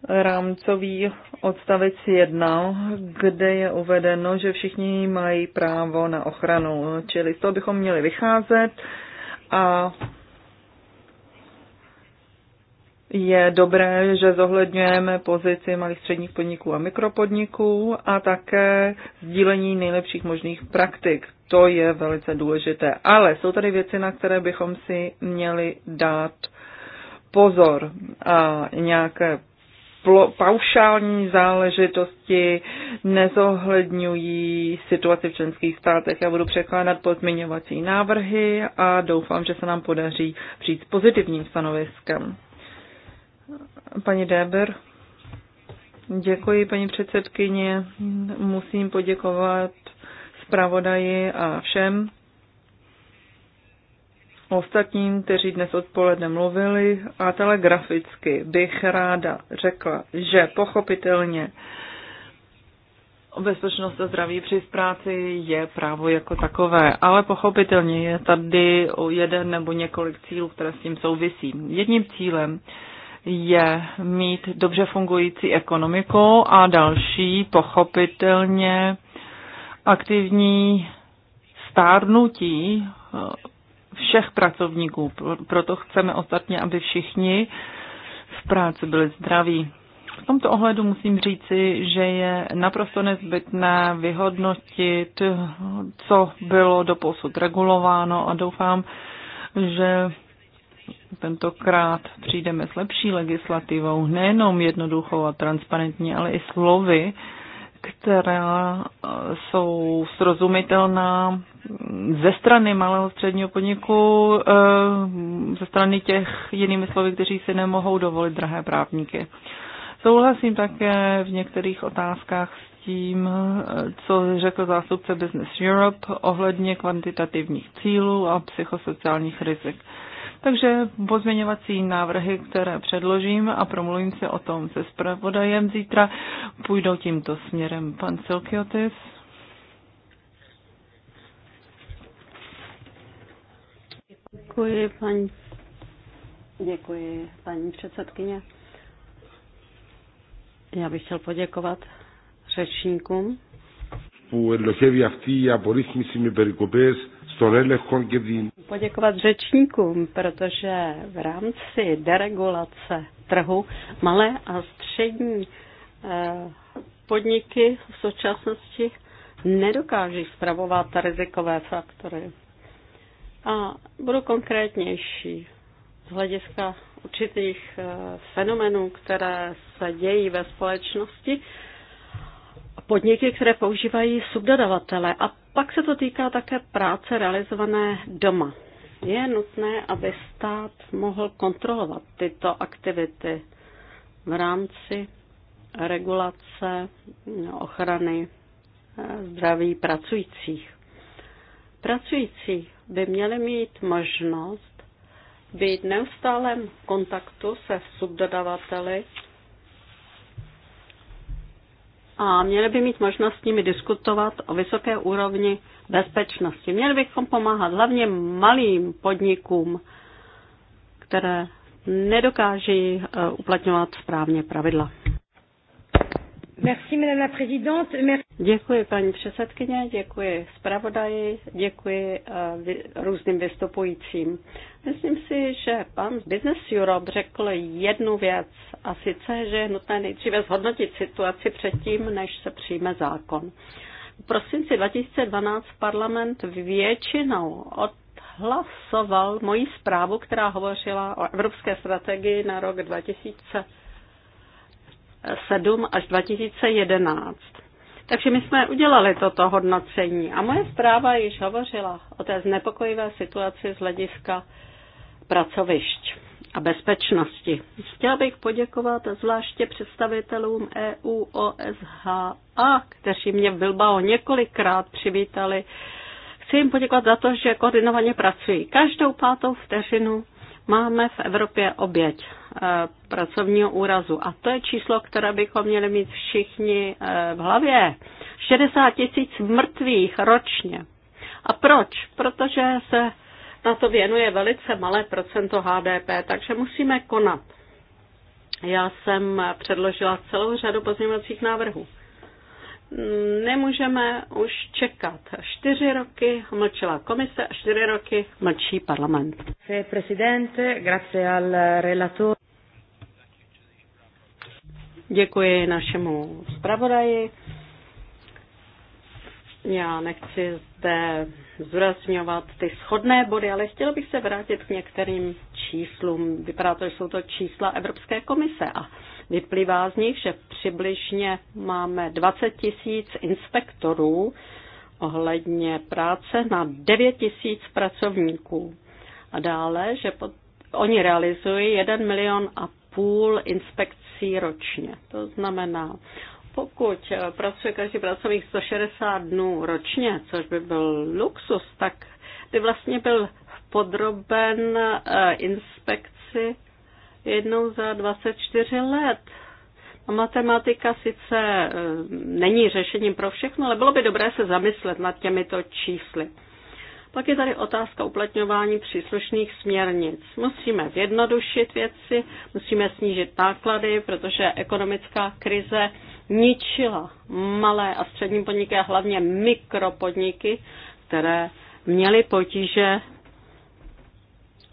rámcový odstavec 1, kde je uvedeno, že všichni mají právo na ochranu. Čili z toho bychom měli vycházet a je dobré, že zohledňujeme pozici malých středních podniků a mikropodniků a také sdílení nejlepších možných praktik. To je velice důležité. Ale jsou tady věci, na které bychom si měli dát pozor a nějaké paušální záležitosti, nezohledňují situaci v členských státech. Já budu překládat pozměňovací návrhy a doufám, že se nám podaří přijít s pozitivním stanoviskem. Paní Deber, Děkuji, paní předsedkyně. Musím poděkovat zpravodaji a všem ostatním, kteří dnes odpoledne mluvili a telegraficky bych ráda řekla, že pochopitelně bezpečnost a zdraví při práci je právo jako takové, ale pochopitelně je tady o jeden nebo několik cílů, které s tím souvisí. Jedním cílem je mít dobře fungující ekonomiku a další pochopitelně aktivní stárnutí všech pracovníků. Proto chceme ostatně, aby všichni v práci byli zdraví. V tomto ohledu musím říci, že je naprosto nezbytné vyhodnotit, co bylo doposud regulováno a doufám, že tentokrát přijdeme s lepší legislativou, nejenom jednoduchou a transparentní, ale i slovy, která jsou srozumitelná ze strany malého středního podniku, eh, ze strany těch, jinými slovy, kteří si nemohou dovolit drahé právníky. Souhlasím také v některých otázkách s tím, eh, co řekl zástupce Business Europe ohledně kvantitativních cílů a psychosociálních rizik. Takže pozměňovací návrhy, které předložím a promluvím se o tom se zpravodajem zítra, půjdou tímto směrem. Pan Silkiotis. Děkuji, paní, děkuji, paní předsedkyně. Já bych chtěl poděkovat řečníkům. Poděkovat řečníkům, protože v rámci deregulace trhu malé a střední eh, podniky v současnosti nedokáží spravovat rizikové faktory. A budu konkrétnější z hlediska určitých eh, fenomenů, které se dějí ve společnosti, podniky, které používají subdodavatele. A pak se to týká také práce realizované doma. Je nutné, aby stát mohl kontrolovat tyto aktivity v rámci regulace ochrany eh, zdraví pracujících. Pracující by měli mít možnost být v neustálém kontaktu se subdodavateli a měli by mít možnost s nimi diskutovat o vysoké úrovni bezpečnosti. Měli bychom pomáhat hlavně malým podnikům, které nedokáží eh, uplatňovat správně pravidla. Děkuji, paní předsedkyně, děkuji zpravodaji, děkuji eh, různým vystupujícím. Myslím si, že pan z Business Europe řekl jednu věc, a sice, že je nutné nejdříve zhodnotit situaci předtím, než se přijme zákon. V prosinci 2012 parlament většinou odhlasoval moji zprávu, která hovořila o evropské strategii na rok 2000 2007 až 2011. Takže my jsme udělali toto hodnocení a moje zpráva již hovořila o té znepokojivé situaci z hlediska pracovišť a bezpečnosti. Chtěla bych poděkovat zvláště představitelům EU, OSHA, kteří mě v Bilbao několikrát přivítali. Chci jim poděkovat za to, že koordinovaně pracují. Každou pátou vteřinu máme v Evropě oběť Eh, pracovního úrazu. A to je číslo, které bychom měli mít všichni eh, v hlavě. 60 tisíc mrtvých ročně. A proč? Protože se na to věnuje velice malé procento HDP, takže musíme konat. Já jsem předložila celou řadu pozměňovacích návrhů nemůžeme už čekat. Čtyři roky mlčela komise a čtyři roky mlčí parlament. Děkuji našemu zpravodaji. Já nechci zde zúrazňovat ty shodné body, ale chtěla bych se vrátit k některým číslům. Vypadá to, že jsou to čísla Evropské komise a Vyplývá z nich, že přibližně máme 20 tisíc inspektorů ohledně práce na 9 tisíc pracovníků. A dále, že pod, oni realizují 1 milion a půl inspekcí ročně. To znamená, pokud eh, pracuje každý pracovník 160 dnů ročně, což by byl luxus, tak by vlastně byl podroben eh, inspekci jednou za 24 let. A matematika sice e, není řešením pro všechno, ale bylo by dobré se zamyslet nad těmito čísly. Pak je tady otázka uplatňování příslušných směrnic. Musíme zjednodušit věci, musíme snížit náklady, protože ekonomická krize ničila malé a střední podniky a hlavně mikropodniky, které měly potíže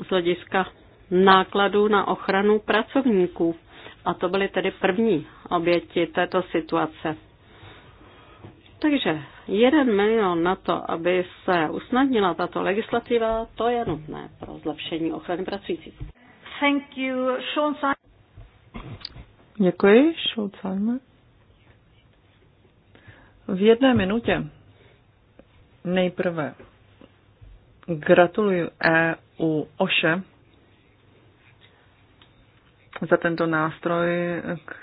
z hlediska nákladů na ochranu pracovníků. A to byly tedy první oběti této situace. Takže jeden milion na to, aby se usnadnila tato legislativa, to je nutné pro zlepšení ochrany pracujících. Thank you, Sean Simon. Děkuji, Sean Simon. V jedné minutě nejprve gratuluji EU OŠE za tento nástroj,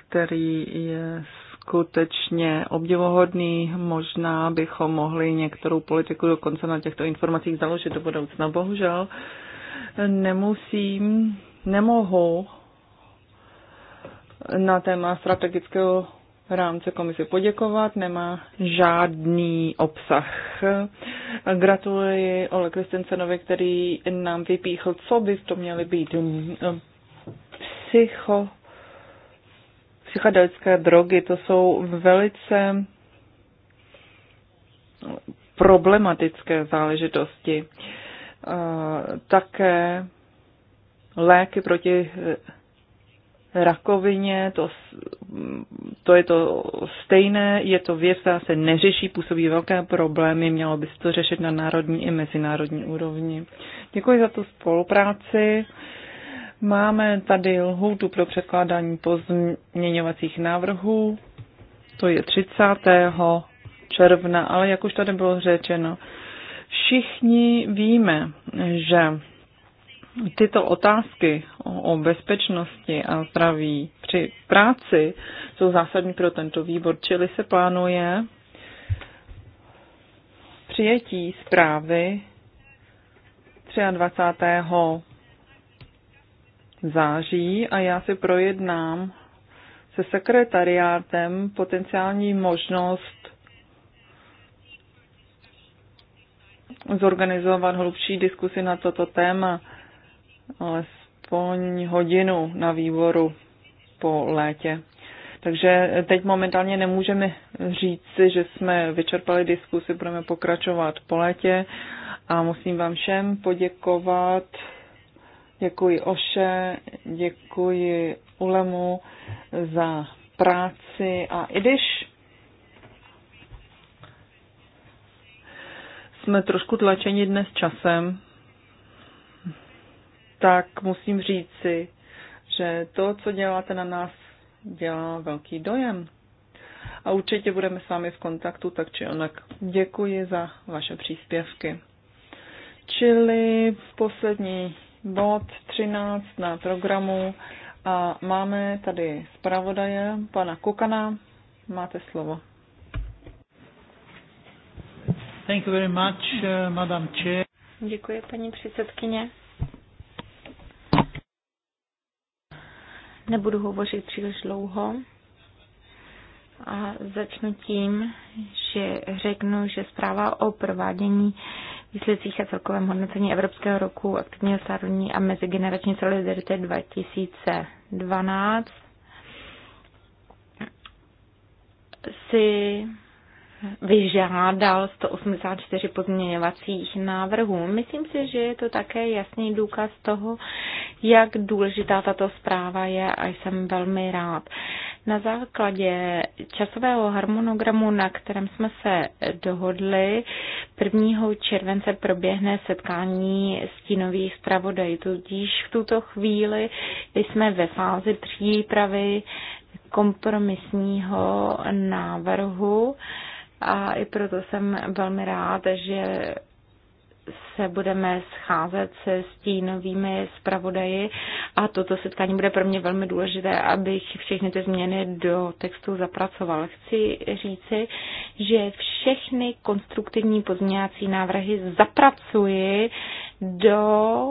který je skutečně obdivohodný. Možná bychom mohli některou politiku dokonce na těchto informacích založit do budoucna. Bohužel nemusím, nemohu na téma strategického rámce komise poděkovat, nemá žádný obsah. Gratuluji Ole Kristensenovi, který nám vypíchl, co by to měly být psycho, psychedelické drogy, to jsou velice problematické záležitosti. Také léky proti e, rakovině, to, to je to stejné, je to věc, která se neřeší, působí velké problémy, mělo by se to řešit na národní i mezinárodní úrovni. Děkuji za tu spolupráci. Máme tady lhůtu pro překládání pozměňovacích návrhů, to je 30. června, ale jak už tady bylo řečeno, všichni víme, že tyto otázky o bezpečnosti a zdraví při práci jsou zásadní pro tento výbor, čili se plánuje přijetí zprávy 23 září a já si projednám se sekretariátem potenciální možnost zorganizovat hlubší diskusy na toto téma, alespoň hodinu na výboru po létě. Takže teď momentálně nemůžeme říci, že jsme vyčerpali diskusi, budeme pokračovat po létě a musím vám všem poděkovat Děkuji Oše, děkuji Ulemu za práci a i když jsme trošku tlačeni dnes časem, tak musím říci, že to, co děláte na nás, dělá velký dojem. A určitě budeme s vámi v kontaktu, tak či onak. Děkuji za vaše příspěvky. Čili poslední bod 13 na programu a máme tady zpravodaje pana Kukana. Máte slovo. Thank you very much, uh, Madam Chair. Děkuji, paní předsedkyně. Nebudu hovořit příliš dlouho a začnu tím, že řeknu, že zpráva o provádění výsledcích a celkovém hodnocení Evropského roku aktivního stárnutí a mezigenerační solidarity 2012 si vyžádal 184 pozměňovacích návrhů. Myslím si, že je to také jasný důkaz toho, jak důležitá tato zpráva je a jsem velmi rád. Na základě časového harmonogramu, na kterém jsme se dohodli, 1. července proběhne setkání stínových zpravodajů. Tudíž v tuto chvíli jsme ve fázi přípravy kompromisního návrhu a i proto jsem velmi rád, že se budeme scházet se stínovými zpravodaji a toto setkání bude pro mě velmi důležité, abych všechny ty změny do textu zapracoval. Chci říci, že všechny konstruktivní pozměňovací návrhy zapracuji do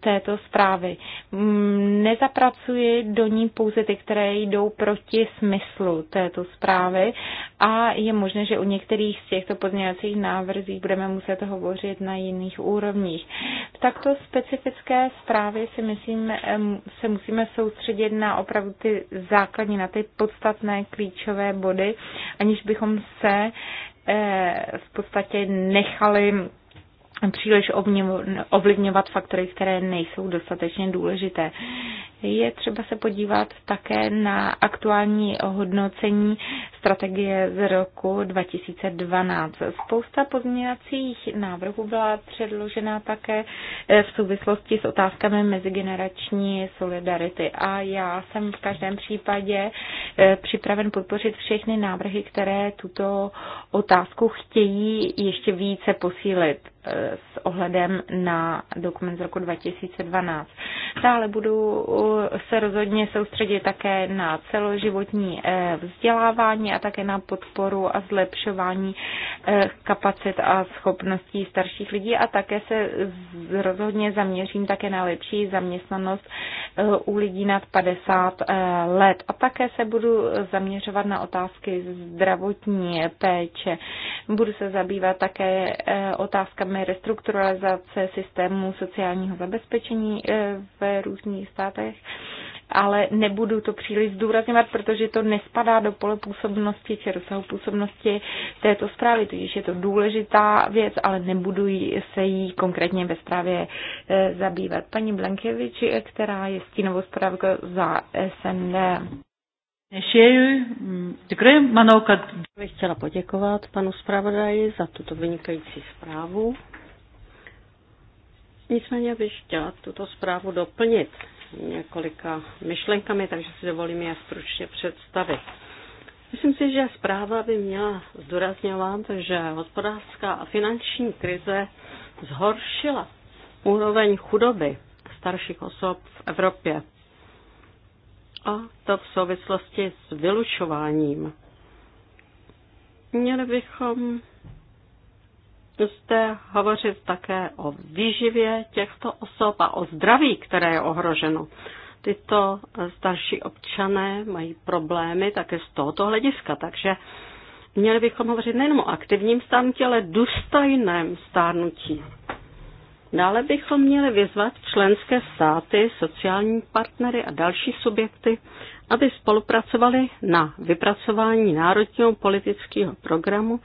této zprávy. Mm, nezapracuji do ní pouze ty, které jdou proti smyslu této zprávy a je možné, že u některých z těchto pozměňovacích návrzích budeme muset hovořit na jiných úrovních. V takto specifické zprávě si myslím, se musíme soustředit na opravdu ty základní, na ty podstatné klíčové body, aniž bychom se eh, v podstatě nechali příliš ovlivňovat faktory, které nejsou dostatečně důležité. Je třeba se podívat také na aktuální hodnocení strategie z roku 2012. Spousta pozměňovacích návrhů byla předložena také eh, v souvislosti s otázkami mezigenerační solidarity a já jsem v každém případě eh, připraven podpořit všechny návrhy, které tuto otázku chtějí ještě více posílit. Eh, s ohledem na dokument z roku 2012. Dále budu eh, se rozhodně soustředit také na celoživotní eh, vzdělávání a také na podporu a zlepšování kapacit a schopností starších lidí a také se rozhodně zaměřím také na lepší zaměstnanost u lidí nad 50 let. A také se budu zaměřovat na otázky zdravotní péče. Budu se zabývat také otázkami programy restrukturalizace systému sociálního zabezpečení eh, v různých státech, ale nebudu to příliš zdůrazňovat, protože to nespadá do pole působnosti či rozsahu působnosti této zprávy, tudíž je to důležitá věc, ale nebudu se jí konkrétně ve zprávě eh, zabývat. Paní Blankevič, eh, která je stínovou zprávkou za SND. Nešėju, mm, tikrai Bych chtěla poděkovat panu zpravodaji za tuto vynikající zprávu. Nicméně bych chtěla tuto zprávu doplnit několika myšlenkami, takže si dovolím je stručně představit. Myslím si, že zpráva by měla zdůrazňovat, že hospodářská a finanční krize zhoršila úroveň chudoby starších osob v Evropě a to v souvislosti s vylučováním. Měli bychom zde hovořit také o výživě těchto osob a o zdraví, které je ohroženo. Tyto starší občané mají problémy také z tohoto hlediska, takže měli bychom hovořit nejen o aktivním stárnutí, ale důstojném stárnutí. Dále bychom měli vyzvat členské státy, sociální partnery a další subjekty, aby spolupracovali na vypracování národního politického programu,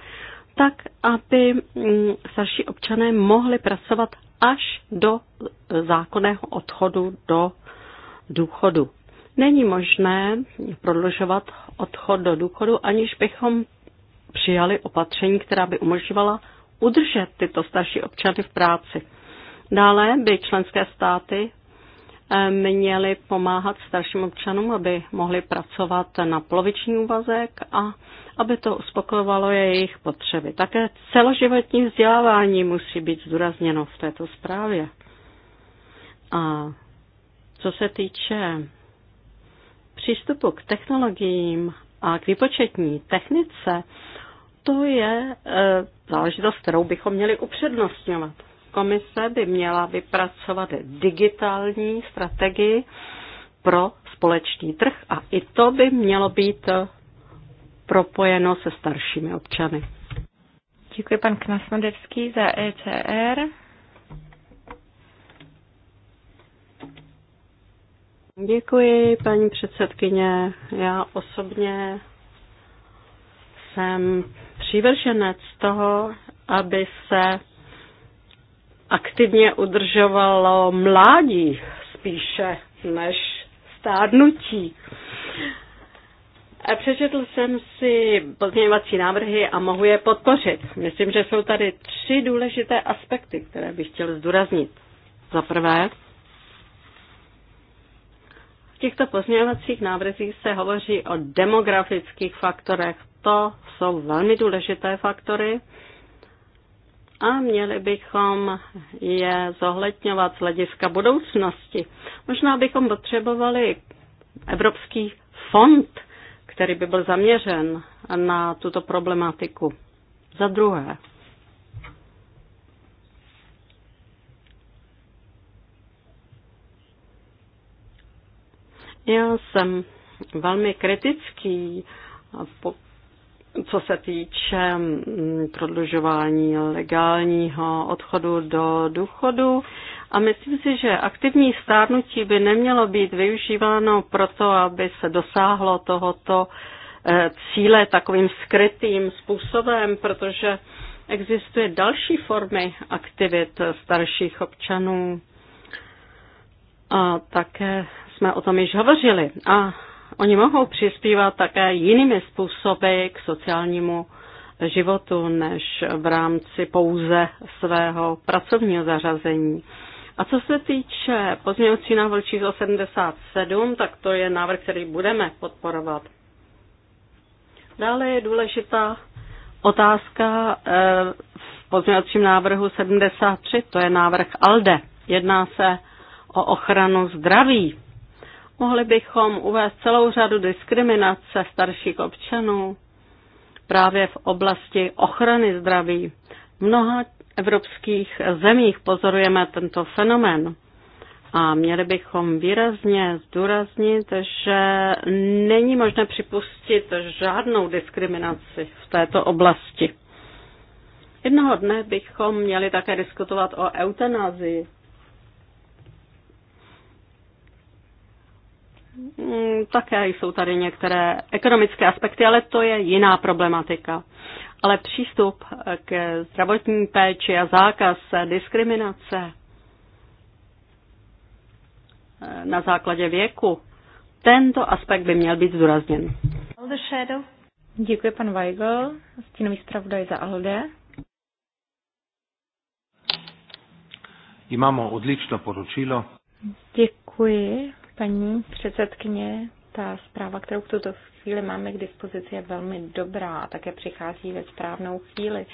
tak aby mm, starší občané mohli pracovat až do zákonného odchodu do důchodu. Není možné prodlužovat odchod do důchodu, aniž bychom přijali opatření, která by umožňovala udržet tyto starší občany v práci. Dále by členské státy eh, měly pomáhat starším občanům, aby mohli pracovat na poloviční úvazek a aby to uspokojovalo jejich potřeby. Také celoživotní vzdělávání musí být zdůrazněno v této zprávě. A co se týče přístupu k technologiím a k výpočetní technice, to je e, záležitost, kterou bychom měli upřednostňovat. Komise by měla vypracovat digitální strategii pro společný trh a i to by mělo být propojeno se staršími občany. Děkuji pan Knasnodevský za ECR. Děkuji, paní předsedkyně. Já osobně jsem přívrženec toho, aby se aktivně udržovalo mládí spíše než stárnutí. Přečetl jsem si pozměňovací návrhy a mohu je podpořit. Myslím, že jsou tady tři důležité aspekty, které bych chtěl zdůraznit. Za prvé, v těchto pozměňovacích návrzích se hovoří o demografických faktorech. To jsou velmi důležité faktory, a měli bychom je zohledňovat z hlediska budoucnosti. Možná bychom potřebovali Evropský fond, který by byl zaměřen na tuto problematiku. Za druhé, já jsem velmi kritický, co se týče mm, prodlužování legálního odchodu do důchodu. A myslím si, že aktivní stárnutí by nemělo být využíváno proto, aby se dosáhlo tohoto eh, cíle takovým skrytým způsobem, protože existuje další formy aktivit starších občanů. A také jsme o tom již hovořili. A Oni mohou přispívat také jinými způsoby k sociálnímu životu než v rámci pouze svého pracovního zařazení. A co se týče pozměňovací návrh číslo 77, tak to je návrh, který budeme podporovat. Dále je důležitá otázka eh, v pozměňovacím návrhu 73, to je návrh ALDE. Jedná se o ochranu zdraví Mohli bychom uvést celou řadu diskriminace starších občanů právě v oblasti ochrany zdraví. V mnoha evropských zemích pozorujeme tento fenomén. A měli bychom výrazně zdůraznit, že není možné připustit žádnou diskriminaci v této oblasti. Jednoho dne bychom měli také diskutovat o eutanázii. Mm, také jsou tady některé ekonomické aspekty, ale to je jiná problematika. Ale přístup k zdravotní péči a zákaz diskriminace eh, na základě věku, tento aspekt by měl být zdůrazněn. Děkuji pan Weigl, stínový zpravodaj za ALDE. Imamo odlično poročilo. Děkuji. Paní předsedkyně, ta zpráva, kterou v tuto chvíli máme k dispozici, je velmi dobrá a také přichází ve správnou chvíli.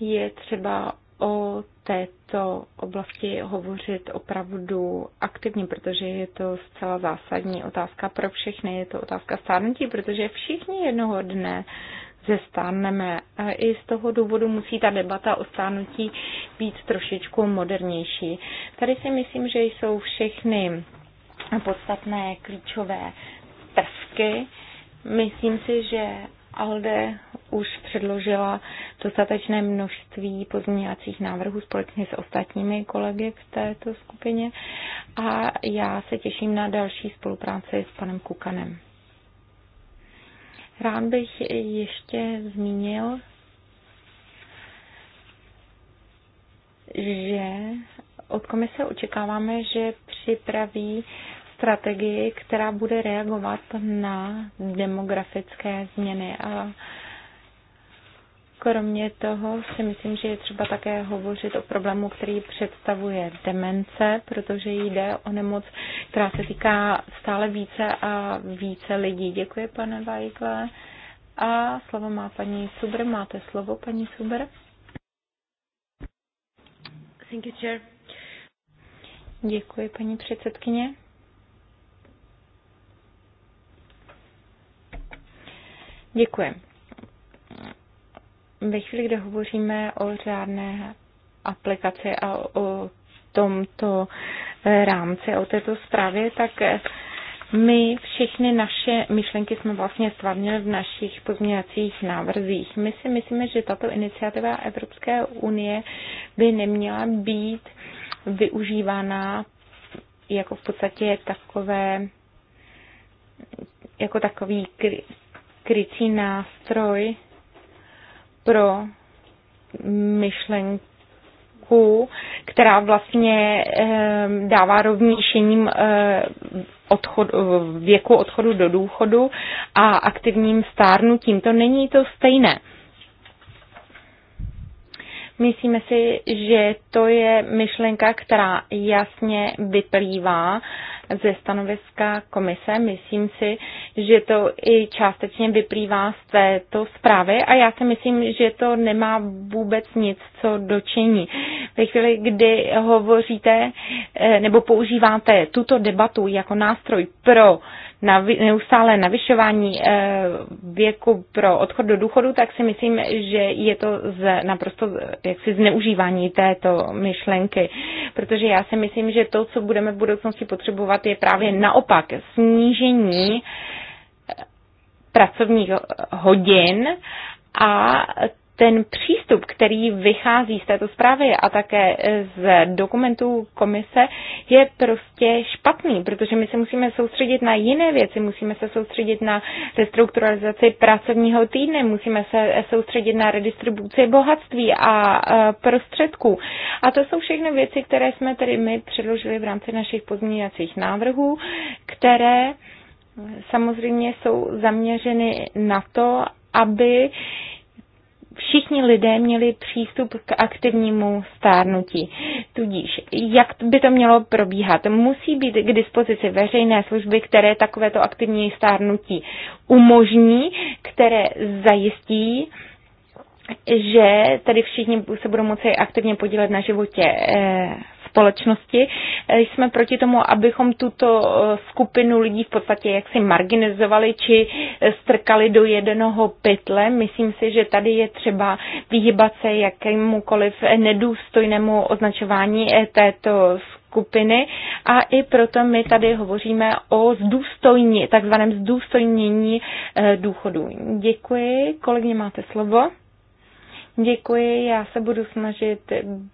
Je třeba o této oblasti hovořit opravdu aktivně, protože je to zcela zásadní otázka pro všechny. Je to otázka stárnutí, protože všichni jednoho dne zestárneme. A I z toho důvodu musí ta debata o stárnutí být trošičku modernější. Tady si myslím, že jsou všechny podstatné klíčové prvky. Myslím si, že ALDE už předložila dostatečné množství pozměňovacích návrhů společně s ostatními kolegy v této skupině a já se těším na další spolupráci s panem Kukanem. Rád bych ještě zmínil, že od komise očekáváme, že připraví strategii, která bude reagovat na demografické změny a kromě toho si myslím, že je třeba také hovořit o problému, který představuje demence, protože jde o nemoc, která se týká stále více a více lidí. Děkuji, pane Vajkle. A slovo má paní Suber. Máte slovo, paní Suber? Thank you, chair. Děkuji, paní předsedkyně. Děkuji. Ve chvíli, kdy hovoříme o řádné aplikaci a o tomto rámci, o této zprávě, tak my všechny naše myšlenky jsme vlastně stvárnili v našich pozměňovacích návrzích. My si myslíme, že tato iniciativa Evropské unie by neměla být využívána jako v podstatě takové, jako takový kry, krycí nástroj pro myšlenky výjimku, která vlastně ehm, dává rovněž e, eh, odchod, eh, věku odchodu do důchodu a aktivním stárnutím. To není to stejné. Myslíme si, že to je myšlenka, která jasně vyplývá ze stanoviska komise. Myslím si, že to i částečně vyplývá z této zprávy a já si myslím, že to nemá vůbec nic, co dočení. Ve chvíli, kdy hovoříte eh, nebo používáte tuto debatu jako nástroj pro neustále navyšování eh, věku pro odchod do důchodu, tak si myslím, že je to z, naprosto eh, jaksi zneužívání této myšlenky. Protože já si myslím, že to, co budeme v budoucnosti potřebovat, je právě naopak snížení eh, pracovních hodin a ten přístup, který vychází z této zprávy a také z dokumentů komise, je prostě špatný, protože my se musíme soustředit na jiné věci, musíme se soustředit na restrukturalizaci pracovního týdne, musíme se soustředit na redistribuci bohatství a prostředků. A to jsou všechny věci, které jsme tedy my předložili v rámci našich pozměňovacích návrhů, které samozřejmě jsou zaměřeny na to, aby všichni lidé měli přístup k aktivnímu stárnutí. Tudíž, jak by to mělo probíhat? Musí být k dispozici veřejné služby, které takovéto aktivní stárnutí umožní, které zajistí, že tady všichni se budou moci aktivně podílet na životě eh, společnosti. Eh, jsme proti tomu, abychom tuto eh, skupinu lidí v podstatě jaksi marginalizovali či eh, strkali do jednoho pytle. Myslím si, že tady je třeba vyhybat se jakémukoliv nedůstojnému označování této skupiny a i proto my tady hovoříme o zdůstojní, takzvaném zdůstojnění důchodů. Děkuji, kolegyně máte slovo. Děkuji, já se budu snažit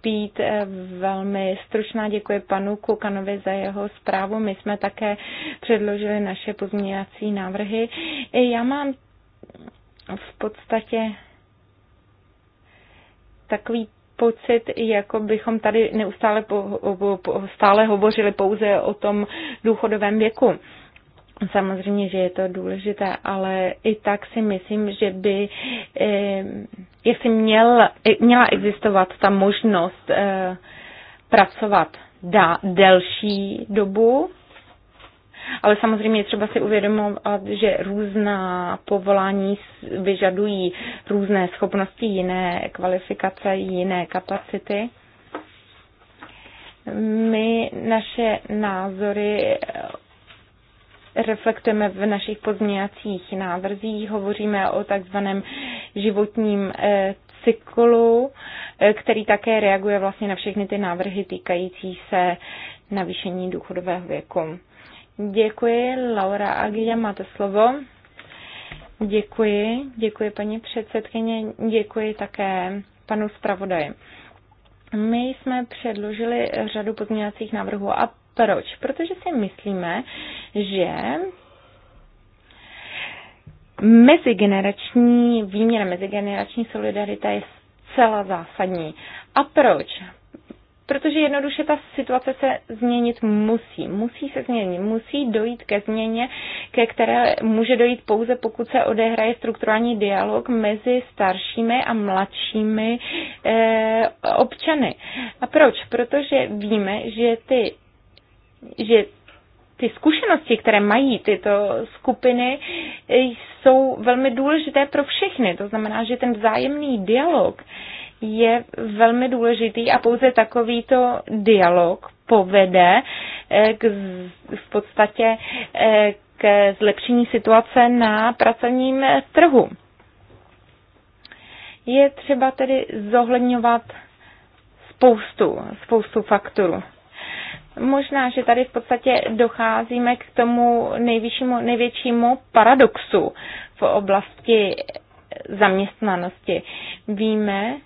být eh, velmi stručná. Děkuji panu Kukanovi za jeho zprávu. My jsme také předložili naše pozměňovací návrhy. Já mám v podstatě takový pocit, jako bychom tady neustále po, po, po, stále hovořili pouze o tom důchodovém věku. Samozřejmě, že je to důležité, ale i tak si myslím, že by eh, jestli měl, eh, měla existovat ta možnost eh, pracovat dá, delší dobu, ale samozřejmě je třeba si uvědomovat, že různá povolání vyžadují různé schopnosti, jiné kvalifikace, jiné kapacity my naše názory reflektujeme v našich pozměňacích návrzích. Hovoříme o takzvaném životním eh, cyklu, eh, který také reaguje vlastně na všechny ty návrhy týkající se navýšení důchodového věku. Děkuji, Laura Agia, máte slovo. Děkuji, děkuji paní předsedkyně, děkuji také panu zpravodaji. My jsme předložili řadu pozměňovacích návrhů a proč? Protože si myslíme, že mezigenerační výměna, mezigenerační solidarita je zcela zásadní. A proč? Protože jednoduše ta situace se změnit musí. Musí se změnit. Musí dojít ke změně, ke které může dojít pouze, pokud se odehraje strukturální dialog mezi staršími a mladšími e, občany. A proč? Protože víme, že ty že ty zkušenosti, které mají tyto skupiny, jsou velmi důležité pro všechny. To znamená, že ten vzájemný dialog je velmi důležitý a pouze takovýto dialog povede eh, k, v podstatě eh, k zlepšení situace na pracovním trhu. Je třeba tedy zohledňovat spoustu, spoustu faktorů možná, že tady v podstatě docházíme k tomu nejvyššímu, největšímu paradoxu v oblasti zaměstnanosti. Víme,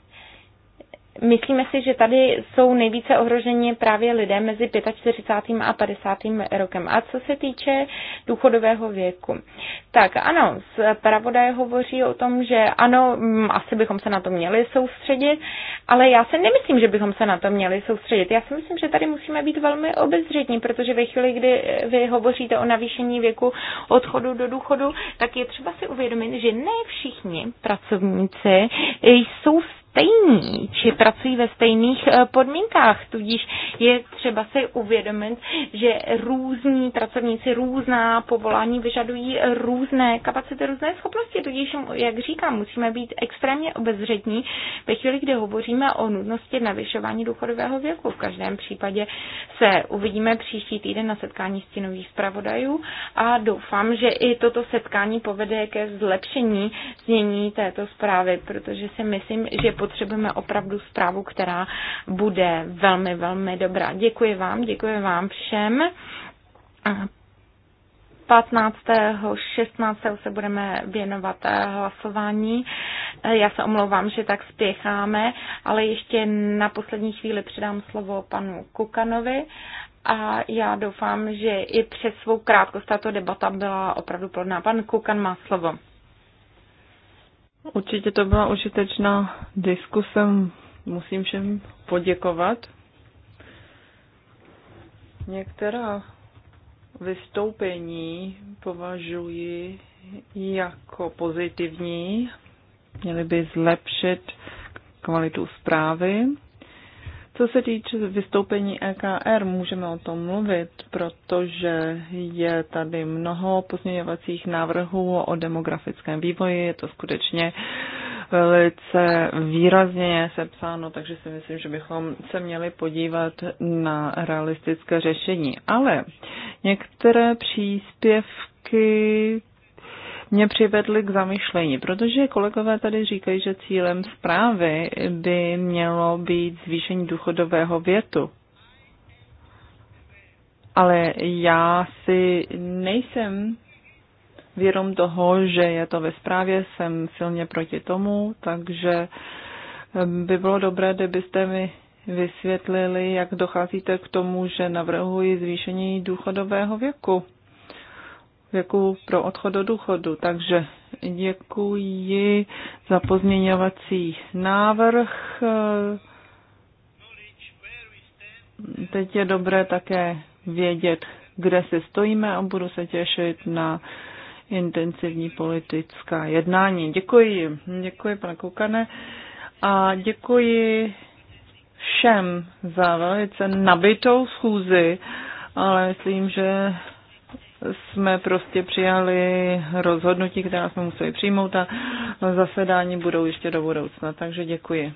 Myslíme si, že tady jsou nejvíce ohroženi právě lidé mezi 45. a 50. rokem. A co se týče důchodového věku, tak ano, zpravodaj hovoří o tom, že ano, mm, asi bychom se na to měli soustředit, ale já se nemyslím, že bychom se na to měli soustředit. Já si myslím, že tady musíme být velmi obezřetní, protože ve chvíli, kdy vy hovoříte o navýšení věku odchodu do důchodu, tak je třeba si uvědomit, že ne všichni pracovníci jsou stejní, či pracují ve stejných eh, podmínkách. Tudíž je třeba si uvědomit, že různí pracovníci, různá povolání vyžadují různé kapacity, různé schopnosti. Tudíž, jak říkám, musíme být extrémně obezřetní ve chvíli, kdy hovoříme o nutnosti navyšování důchodového věku. V každém případě se uvidíme příští týden na setkání stínových zpravodajů a doufám, že i toto setkání povede ke zlepšení znění této zprávy, protože si myslím, že potřebujeme opravdu zprávu, která bude velmi, velmi dobrá. Děkuji vám, děkuji vám všem. 15. 16. se budeme věnovat eh, hlasování. Eh, já se omlouvám, že tak spěcháme, ale ještě na poslední chvíli předám slovo panu Kukanovi a já doufám, že i přes svou krátkost tato debata byla opravdu plodná. Pan Kukan má slovo. Určitě to byla užitečná diskuse. Musím všem poděkovat. Některá vystoupení považuji jako pozitivní. Měly by zlepšit kvalitu zprávy. Co se týče vystoupení EKR, můžeme o tom mluvit, protože je tady mnoho pozměňovacích návrhů o demografickém vývoji, je to skutečně velice výrazně sepsáno, takže si myslím, že bychom se měli podívat na realistické řešení. Ale některé příspěvky mě přivedly k zamyšlení, protože kolegové tady říkají, že cílem zprávy by mělo být zvýšení důchodového větu. Ale já si nejsem vědom toho, že je to ve zprávě, jsem silně proti tomu, takže eh, by bylo dobré, kdybyste mi vysvětlili, jak docházíte k tomu, že navrhuji zvýšení důchodového věku věku pro odchod do důchodu. Takže děkuji za pozměňovací návrh. Teď je dobré také vědět, kde se stojíme a budu se těšit na intenzivní politická jednání. Děkuji, děkuji pane Koukane a děkuji všem za velice nabitou schůzi, ale myslím, že jsme prostě přijali rozhodnutí, která jsme museli přijmout a zasedání budou ještě do budoucna. Takže děkuji.